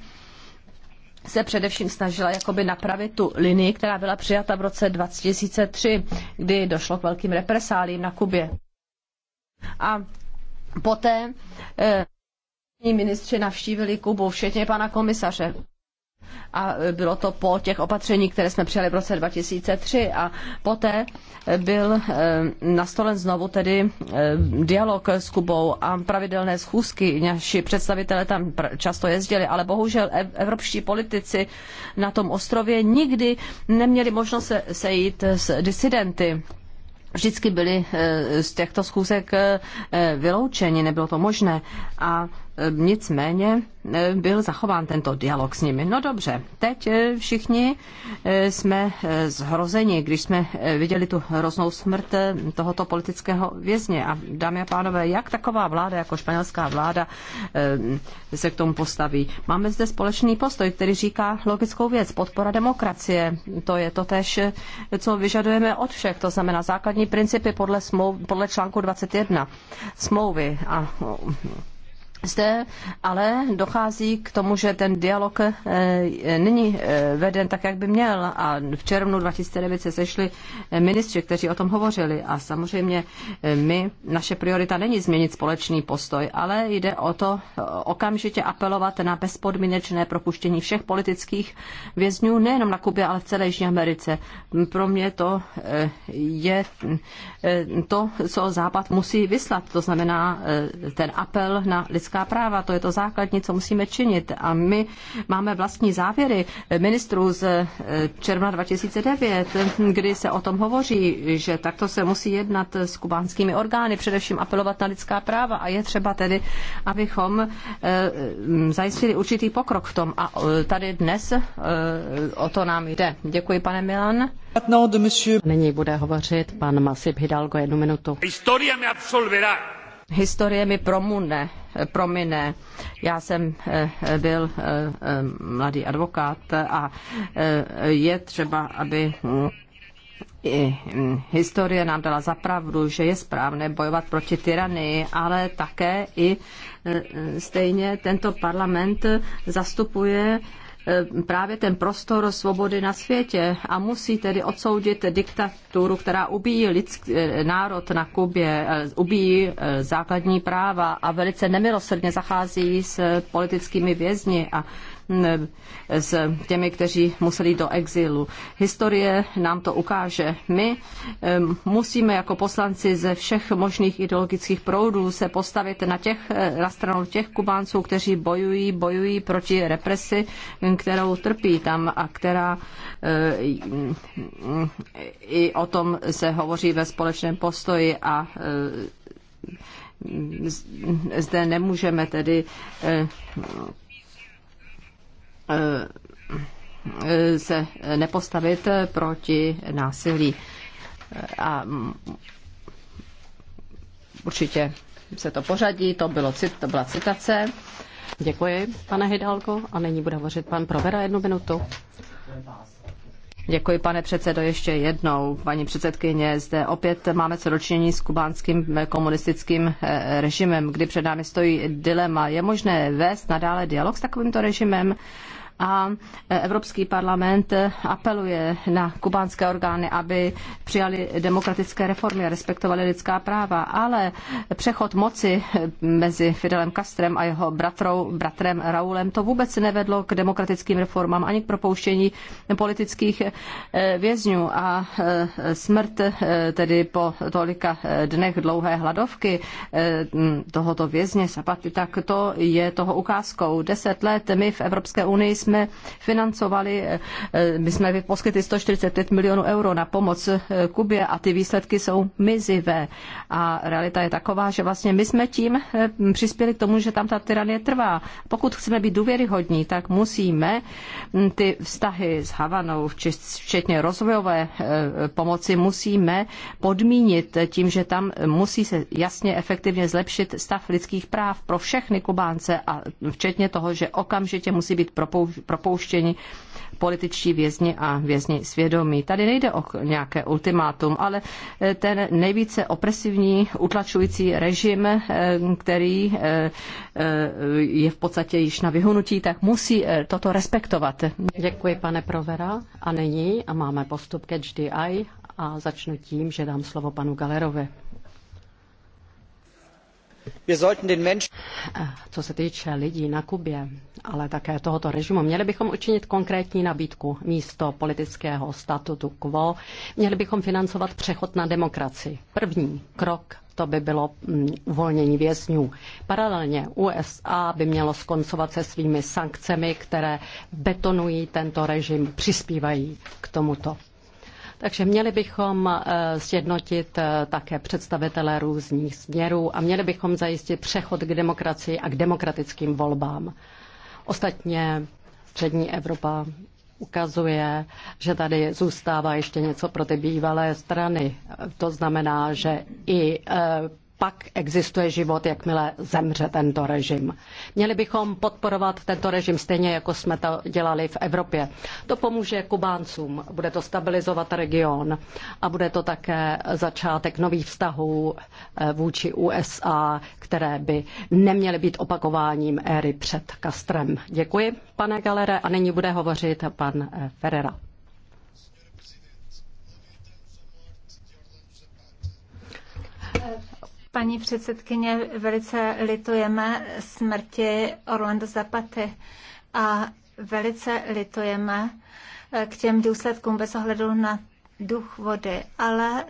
se především snažila jakoby napravit tu linii, která byla přijata v roce 2003, kdy došlo k velkým represálím na Kubě. A poté eh, ministři navštívili Kubu, včetně pana komisaře a bylo to po těch opatření, které jsme přijali v roce 2003 a poté byl eh, nastolen znovu tedy eh, dialog s Kubou a pravidelné schůzky. Naši představitelé tam často jezdili, ale bohužel evropští politici na tom ostrově nikdy neměli možnost se sejít s disidenty vždycky byli eh, z těchto schůzek vyloučeni, nebylo to možné. A nicméně e, byl zachován tento dialog s nimi. No dobře, teď e, všichni e, jsme zhrozeni, když jsme viděli tu hroznou smrt tohoto politického vězně. A dámy a pánové, jak taková vláda, jako španělská vláda, se k tomu postaví? Máme zde společný postoj, který říká logickou věc. Podpora demokracie, to je to tež, co vyžadujeme od všech. To znamená základní principy podle, smlouv, podle článku 21 smlouvy. A zde ale dochází k tomu, že ten dialog eh, není eh, veden tak, jak by měl. A v červnu 2009 se sešli eh, ministři, kteří o tom hovořili. A samozřejmě my, naše priorita není změnit společný postoj, ale jde o to okamžitě apelovat na bezpodmínečné propuštění všech politických vězňů, nejenom na Kubě, ale v celé Jižní Americe. Pro mě to je to, co Západ musí vyslat. To znamená ten apel na lidské lidská práva, to je to základní, co musíme činit. A my máme vlastní závěry ministrů z eh, června 2009, kdy se o tom hovoří, že takto se musí jednat s kubánskými orgány, především apelovat na lidská práva a je třeba tedy, abychom eh, zajistili určitý pokrok v tom. A eh, tady dnes o to nám jde. Děkuji, pane Milan. Nyní bude hovořit pan Masip Hidalgo jednu minutu. Historie me absolverá historie mi promune, promine. Já jsem eh, byl eh, eh, mladý advokát a je třeba, aby mm, i mm, historie nám dala zapravdu, že je správné bojovat proti tyranii, ale také i stejně tento parlament zastupuje Eh, právě ten prostor svobody na světě a musí tedy odsoudit diktaturu, která ubíjí lidsk- eh, národ na Kubě, eh, ubíjí základní práva a velice nemilosrdně zachází s politickými vězni a s těmi, kteří museli do exilu. Historie nám to ukáže. My musíme jako poslanci ze všech možných ideologických proudů se postavit na, těch, eh, na stranu těch Kubánců, kteří bojují, bojují proti represi, kterou trpí tam a která eh, i o tom se hovoří ve společném postoji a eh, zde nemůžeme tedy se nepostavit proti násilí. A určitě se to pořadí, to, bylo, to byla citace. Děkuji, pane Hidalko. A nyní bude hovořit pan Provera jednu minutu. Děkuji, pane předsedo, ještě jednou. Paní předsedkyně, zde opět máme co dočinění s kubánským komunistickým eh, režimem, kdy před námi stojí dilema. Je možné vést nadále dialog s takovýmto režimem? a Evropský parlament apeluje na kubánské orgány, aby přijali demokratické reformy a respektovali lidská práva, ale přechod moci mezi Fidelem Castrem a jeho bratrou, bratrem Raulem to vůbec nevedlo k demokratickým reformám ani k propouštění politických eh, vězňů a eh, smrt eh, tedy po tolika dnech dlouhé hladovky tohoto vězně Sapaty, tak to je toho ukázkou. Deset let my v Evropské unii jsme jsme financovali, eh, eh, my jsme vyposkytli 145 milionů euro na pomoc eh, Kubě a ty výsledky jsou mizivé. A realita je taková, že vlastně my jsme tím přispěli k tomu, že tam ta tyranie trvá. Pokud chceme být důvěryhodní, tak musíme hm, ty vztahy s Havanou, včetně rozvojové pomoci, musíme podmínit tím, že tam musí se jasně efektivně zlepšit stav lidských práv pro všechny Kubánce a včetně toho, že okamžitě musí být propouštěni političtí vězni a vězni svědomí. Tady nejde o nějaké ultimátum, ale eh, ten nejvíce opresivní utlačující režim, eh, který eh, je v podstatě již na vyhunutí, tak musí toto respektovat. Děkuji, pane Provera. A nyní a máme postup ke HDI a začnu tím, že dám slovo panu Galerovi. Eh, co se týče lidí na Kubě, ale také tohoto režimu, měli bychom učinit konkrétní nabídku místo politického statutu quo. Měli bychom financovat přechod na demokracii. První krok to by bylo mm, uvolnění vězňů. Paralelně USA by mělo skoncovat se svými sankcemi, které betonují tento režim, přispívají k tomuto. Takže měli bychom eh, sjednotit eh, také představitele různých směrů a měli bychom zajistit přechod k demokracii a k demokratickým volbám. Ostatně střední Evropa ukazuje, že tady zůstává ještě něco pro ty bývalé strany. To znamená, že i eh, pak existuje život, jakmile zemře tento režim. Měli bychom podporovat tento režim stejně, jako jsme to dělali v Evropě. To pomůže Kubáncům, bude to stabilizovat region a bude to také začátek nových vztahů eh, vůči USA, které by neměly být opakováním éry před Kastrem. Děkuji, pane Galere, a nyní bude hovořit pan eh, Ferrera. Paní předsedkyně, velice litujeme smrti Orlando Zapaty a velice litujeme eh, k těm důsledkům bez ohledu na duch vody, ale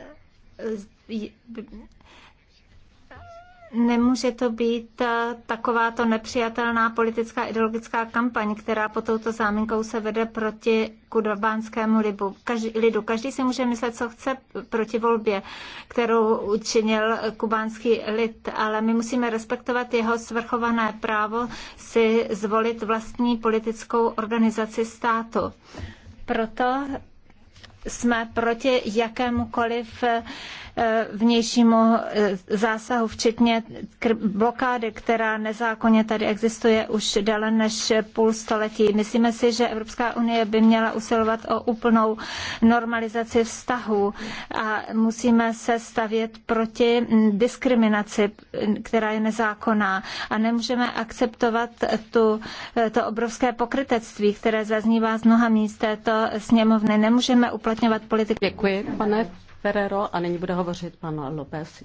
Nemůže to být eh, takováto nepřijatelná politická ideologická kampaň, která pod touto záminkou se vede proti kudobánskému lidu. Každý, lidu. Každý si může myslet, co chce proti volbě, kterou učinil kubánský lid, ale my musíme respektovat jeho svrchované právo si zvolit vlastní politickou organizaci státu. Proto jsme proti jakémukoliv eh, Eh, vnějšímu eh, zásahu, včetně blokády, která nezákonně tady existuje už déle než půl století. Myslíme si, že Evropská unie by měla usilovat o úplnou normalizaci vztahů a musíme se stavět proti diskriminaci, která je nezákonná a nemůžeme akceptovat tu, eh, to obrovské pokrytectví, které zaznívá z mnoha míst této sněmovny. Nemůžeme uplatňovat politiku. Děkuji, pane Ferrero a nyní bude hovořit pan López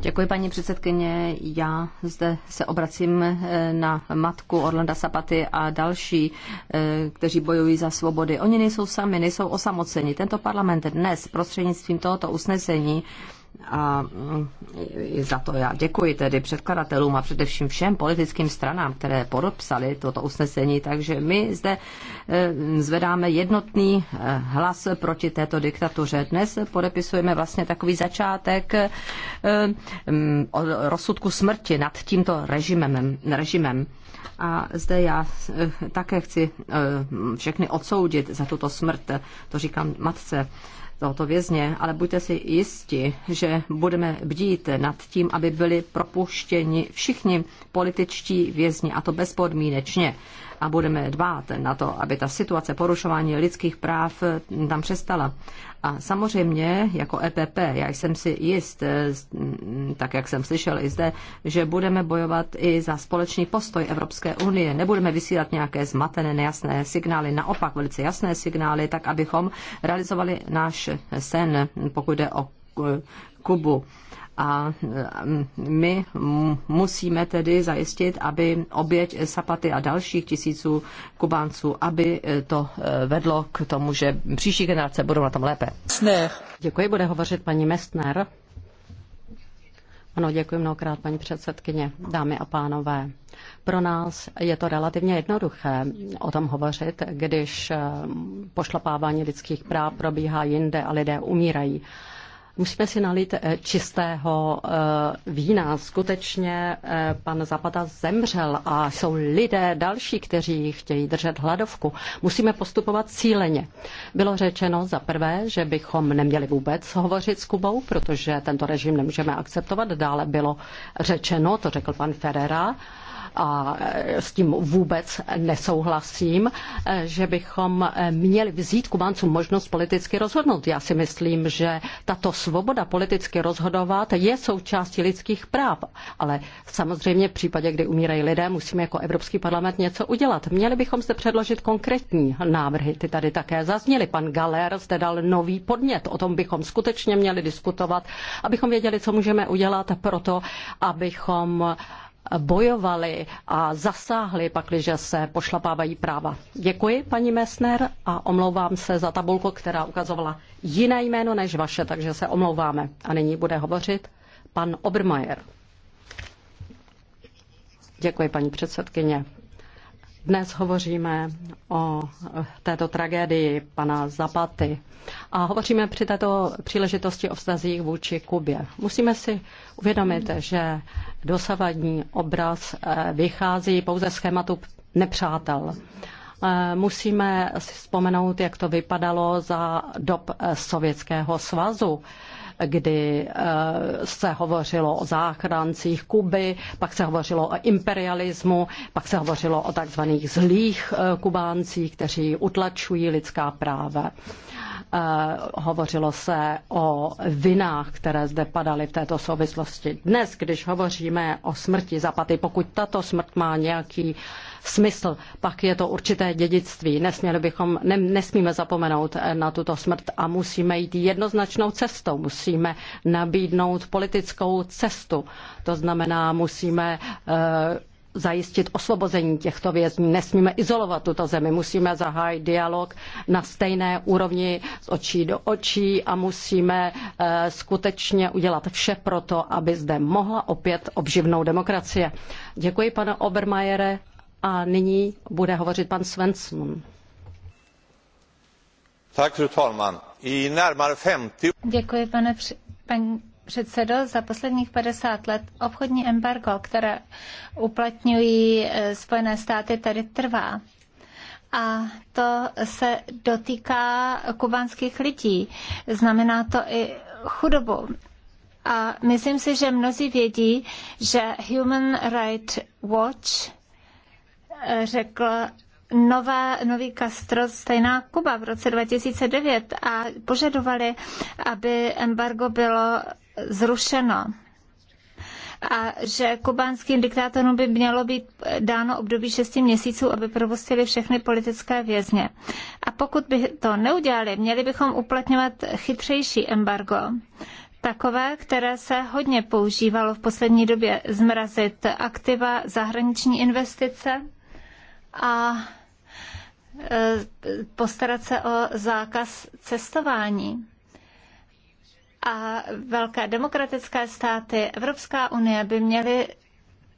Děkuji, paní předsedkyně. Já zde se obracím eh, na matku Orlanda Sapaty a další, eh, kteří bojují za svobody. Oni nejsou sami, nejsou osamoceni. Tento parlament dnes prostřednictvím tohoto usnesení a mm, za to já děkuji tedy předkladatelům a především všem politickým stranám, které podepsali toto usnesení, takže my zde eh, zvedáme jednotný eh, hlas proti této diktatuře. Dnes podepisujeme vlastně takový začátek eh, mm, rozsudku smrti nad tímto režimem. režimem. A zde já také chci všechny odsoudit za tuto smrt. To říkám matce tohoto vězně, ale buďte si jisti, že budeme bdít nad tím, aby byli propuštěni všichni političtí vězni, a to bezpodmínečně a budeme dbát na to, aby ta situace porušování lidských práv mm, tam přestala. A samozřejmě jako EPP, já jsem si jist, e, mm, tak jak jsem slyšel i zde, že budeme bojovat i za společný postoj Evropské unie. Nebudeme vysílat nějaké zmatené, nejasné signály, naopak velice jasné signály, tak abychom realizovali náš sen, pokud jde o Kubu a mm, my musíme tedy zajistit, aby oběť Sapaty a dalších tisíců Kubánců, aby eh, to eh, vedlo k tomu, že příští generace budou na tom lépe. Sner. Děkuji, bude hovořit paní Mestner. Ano, děkuji mnohokrát, paní předsedkyně, dámy a pánové. Pro nás je to relativně jednoduché o tom hovořit, když eh, pošlapávání lidských práv probíhá jinde a lidé umírají. Musíme si nalít eh, čistého eh, vína. Skutečně eh, pan Zapata zemřel a jsou lidé další, kteří chtějí držet hladovku. Musíme postupovat cíleně. Bylo řečeno za prvé, že bychom neměli vůbec hovořit s Kubou, protože tento režim nemůžeme akceptovat. Dále bylo řečeno, to řekl pan Ferrera, a e, s tím vůbec nesouhlasím, e, že bychom e, měli vzít Kubáncům možnost politicky rozhodnout. Já si myslím, že tato svoboda politicky rozhodovat je součástí lidských práv, ale samozřejmě v případě, kdy umírají lidé, musíme jako Evropský parlament něco udělat. Měli bychom zde předložit konkrétní návrhy, ty tady také zazněly. Pan Galer zde dal nový podnět, o tom bychom skutečně měli diskutovat, abychom věděli, co můžeme udělat pro to, abychom bojovali a zasáhli, pakliže se pošlapávají práva. Děkuji, paní Messner, a omlouvám se za tabulku, která ukazovala jiné jméno než vaše, takže se omlouváme. A nyní bude hovořit pan Obermajer. Děkuji, paní předsedkyně. Dnes hovoříme o eh, této tragédii pana Zapaty a hovoříme při této příležitosti o vztazích vůči Kubě. Musíme si uvědomit, že dosavadní obraz eh, vychází pouze z schématu nepřátel. Eh, musíme si vzpomenout, jak to vypadalo za dob Sovětského svazu kdy eh, se hovořilo o záchrancích Kuby, pak se hovořilo o imperialismu, pak se hovořilo o takzvaných zlých eh, Kubáncích, kteří utlačují lidská práva eh, hovořilo se o vinách, které zde padaly v této souvislosti. Dnes, když hovoříme o smrti Zapaty, pokud tato smrt má nějaký smysl. Pak je to určité dědictví. Nesměli bychom, ne, nesmíme zapomenout na tuto smrt a musíme jít jednoznačnou cestou. Musíme nabídnout politickou cestu. To znamená, musíme eh, zajistit osvobození těchto vězňů. Nesmíme izolovat tuto zemi, musíme zahájit dialog na stejné úrovni z očí do očí a musíme eh, skutečně udělat vše pro to, aby zde mohla opět obživnout demokracie. Děkuji, pane Obermajere a nyní bude hovořit pan Svensson. Tak, fru talman. I närmare 50... Děkuji, pane pan předsedo, za posledních 50 let obchodní embargo, které uplatňují eh, Spojené státy, tady trvá a to se dotýká kubánských lidí. Znamená to i chudobu. A myslím si, že mnozí vědí, že Human Rights Watch řekl nová, nový Castro, stejná Kuba v roce 2009 a požadovali, aby embargo bylo zrušeno a že kubánským diktátorům by mělo být dáno období 6 měsíců, aby propustili všechny politické vězně. A pokud by to neudělali, měli bychom uplatňovat chytřejší embargo. Takové, které se hodně používalo v poslední době zmrazit aktiva, zahraniční investice, a e, postarat se o zákaz cestování. A velké demokratické státy, Evropská unie by měly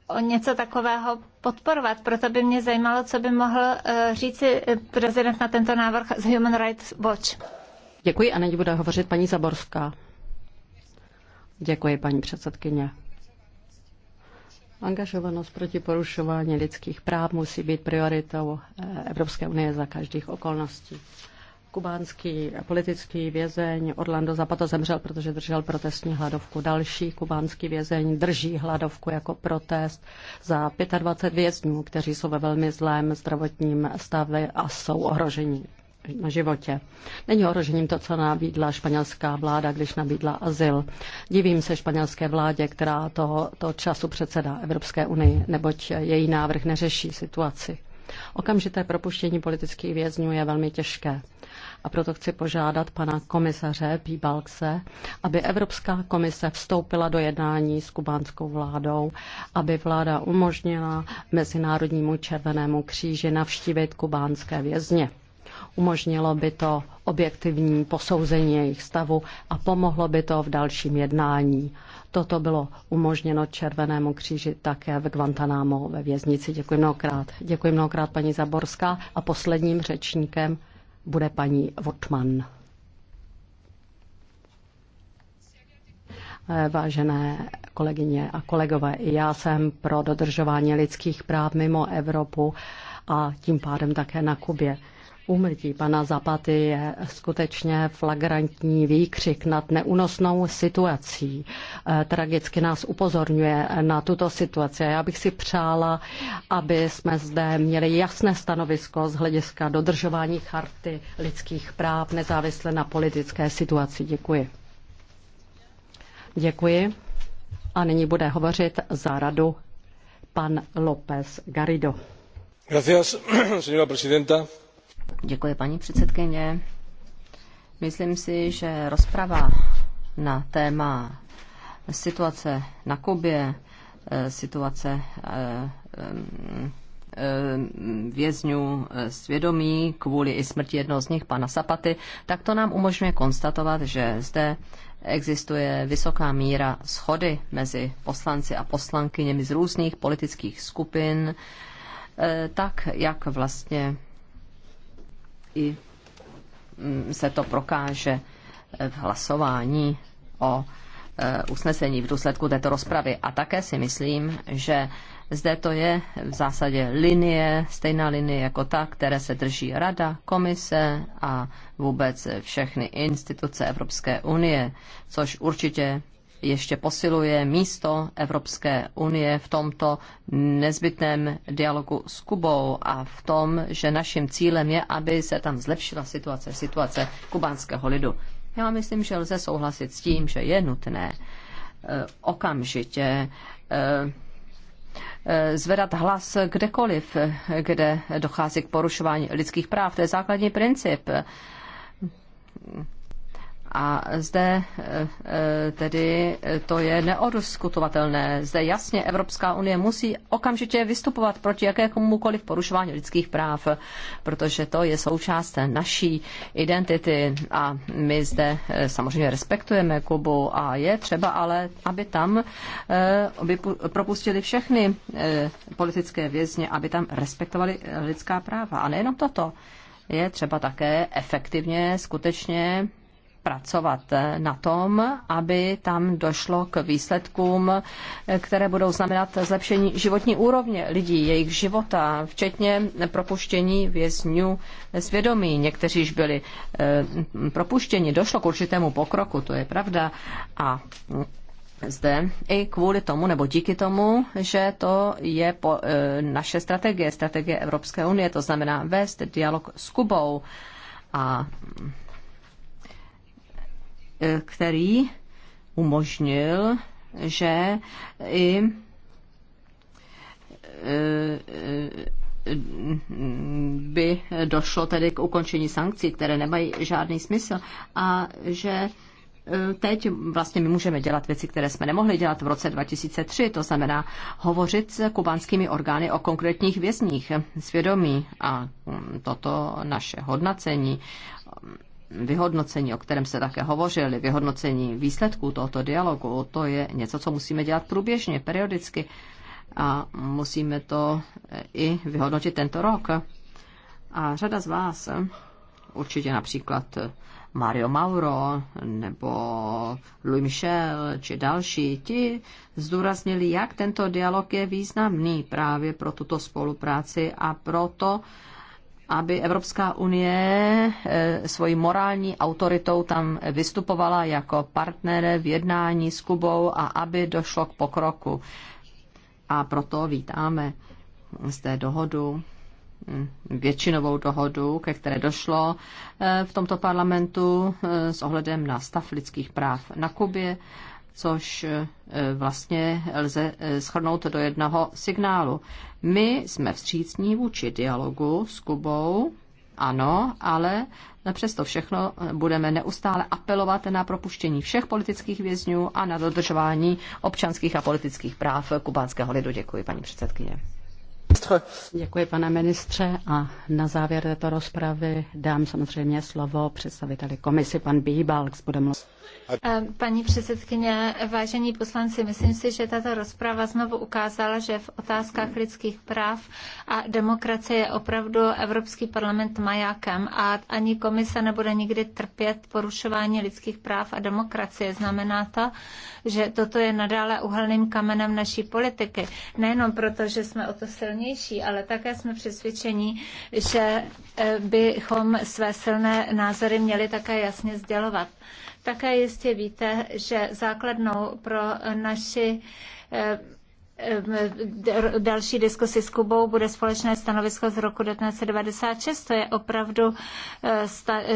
o něco takového podporovat. Proto by mě zajímalo, co by mohl e, říci prezident na tento návrh z Human Rights Watch. Děkuji a nyní bude hovořit paní Zaborská. Děkuji, paní předsedkyně. Angažovanost proti porušování lidských práv musí být prioritou eh, Evropské unie za každých okolností. Kubánský politický vězeň Orlando Zapata zemřel, protože držel protestní hladovku. Další kubánský vězeň drží hladovku jako protest za 25 vězňů, kteří jsou ve velmi zlém zdravotním stavu a jsou ohroženi na životě. Není ohrožením to, co nabídla španělská vláda, když nabídla azyl. Divím se španělské vládě, která toho, toho času předsedá Evropské unii, neboť její návrh neřeší situaci. Okamžité propuštění politických vězňů je velmi těžké. A proto chci požádat pana komisaře Píbalkse, aby Evropská komise vstoupila do jednání s kubánskou vládou, aby vláda umožnila Mezinárodnímu červenému kříži navštívit kubánské vězně umožnilo by to objektivní posouzení jejich stavu a pomohlo by to v dalším jednání. Toto bylo umožněno Červenému kříži také v Guantanamo ve věznici. Děkuji mnohokrát. Děkuji mnohokrát paní Zaborská a posledním řečníkem bude paní Votman. Vážené kolegyně a kolegové, já jsem pro dodržování lidských práv mimo Evropu a tím pádem také na Kubě. Úmrtí pana Zapaty je skutečně flagrantní výkřik nad neúnosnou situací. E, tragicky nás upozorňuje na tuto situaci. Já bych si přála, aby jsme zde měli jasné stanovisko z hlediska dodržování charty lidských práv nezávisle na politické situaci. Děkuji. Děkuji. A nyní bude hovořit za radu pan López Garrido. Gracias, señora presidenta. Děkuji, paní předsedkyně. Myslím si, že rozprava na téma situace na Kubě, eh, situace eh, eh, vězňů svědomí kvůli i smrti jednoho z nich, pana Sapaty, tak to nám umožňuje konstatovat, že zde existuje vysoká míra schody mezi poslanci a poslankyněmi z různých politických skupin, tak jak vlastně i mm, se to prokáže v hlasování o e, usnesení v důsledku této rozpravy. A také si myslím, že zde to je v zásadě linie, stejná linie jako ta, které se drží Rada, Komise a vůbec všechny instituce Evropské unie, což určitě ještě posiluje místo Evropské unie v tomto nezbytném dialogu s Kubou a v tom, že naším cílem je, aby se tam zlepšila situace, situace kubánského lidu. Já myslím, že lze souhlasit s tím, že je nutné eh, okamžitě eh, eh, zvedat hlas kdekoliv, kde dochází k porušování lidských práv. To je základní princip a zde e, e, tedy to je neodiskutovatelné. Zde jasně Evropská unie musí okamžitě vystupovat proti jakémukoliv porušování lidských práv, protože to je součást naší identity a my zde e, samozřejmě respektujeme Kubu a je třeba ale, aby tam aby propustili všechny politické vězně, aby tam respektovali lidská práva. A nejenom toto, je třeba také efektivně skutečně pracovat na tom, aby tam došlo k výsledkům, které budou znamenat zlepšení životní úrovně lidí, jejich života, včetně propuštění vězňů svědomí. Někteří již byli eh, propuštěni, došlo k určitému pokroku, to je pravda. A zde i kvůli tomu nebo díky tomu, že to je po, e, naše strategie, strategie Evropské unie, to znamená vést dialog s Kubou. A který umožnil, že i e, e, by došlo tedy k ukončení sankcí, které nemají žádný smysl a že e, teď vlastně my můžeme dělat věci, které jsme nemohli dělat v roce 2003, to znamená hovořit s kubánskými orgány o konkrétních vězních svědomí a toto naše hodnacení vyhodnocení, o kterém se také hovořili, vyhodnocení výsledků tohoto dialogu, to je něco, co musíme dělat průběžně, periodicky a musíme to eh, i vyhodnotit tento rok. A řada z vás, eh, určitě například eh, Mario Mauro nebo Louis Michel či další, ti zdůraznili, jak tento dialog je významný právě pro tuto spolupráci a proto, to, aby Evropská unie eh, svojí morální autoritou tam vystupovala jako partner v jednání s Kubou a aby došlo k pokroku. A proto vítáme zde dohodu, hm, většinovou dohodu, ke které došlo eh, v tomto parlamentu eh, s ohledem na stav lidských práv na Kubě což eh, vlastně lze eh, schrnout do jednoho signálu. My jsme vstřícní vůči dialogu s Kubou, ano, ale přesto všechno eh, budeme neustále apelovat na propuštění všech politických vězňů a na dodržování občanských a politických práv kubánského lidu. Děkuji, paní předsedkyně. Děkuji, pane ministře. A na závěr této rozpravy dám samozřejmě slovo představiteli komisi, pan Bíbal, bude mluvit. Paní předsedkyně, vážení poslanci, myslím si, že tato rozprava znovu ukázala, že v otázkách lidských práv a demokracie je opravdu Evropský parlament majákem a ani komise nebude nikdy trpět porušování lidských práv a demokracie. Znamená to, že toto je nadále uhelným kamenem naší politiky. Nejenom proto, že jsme o to silnější, ale také jsme přesvědčeni, že eh, bychom své silné názory měli také jasně sdělovat. Také jistě víte, že základnou pro naši eh, další diskusi s Kubou bude společné stanovisko z roku 1996. To je opravdu eh, sta, eh,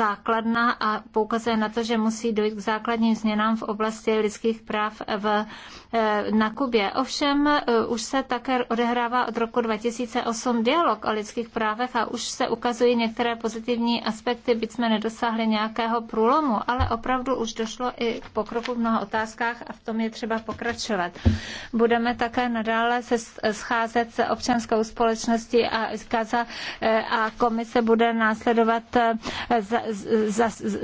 základna a poukazuje na to, že musí dojít k základním změnám v oblasti lidských práv v, eh, na Kubě. Ovšem už se také odehrává od roku 2008 dialog o lidských právech a už se ukazují některé pozitivní aspekty, byť jsme nedosáhli nějakého průlomu, ale opravdu už došlo i k pokroku v mnoha otázkách a v tom je třeba pokračovat. Budeme také nadále se scházet se občanskou společností a, kaza, eh, a komise bude následovat eh,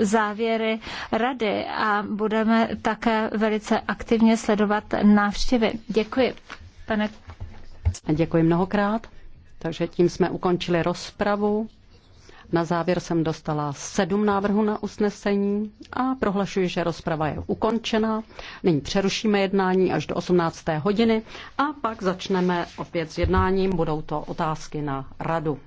závěry rady a budeme také velice aktivně sledovat návštěvy. Děkuji, pane. Děkuji mnohokrát. Takže tím jsme ukončili rozpravu. Na závěr jsem dostala sedm návrhů na usnesení a prohlašuji, že rozprava je ukončena. Nyní přerušíme jednání až do 18. hodiny a pak začneme opět s jednáním. Budou to otázky na radu.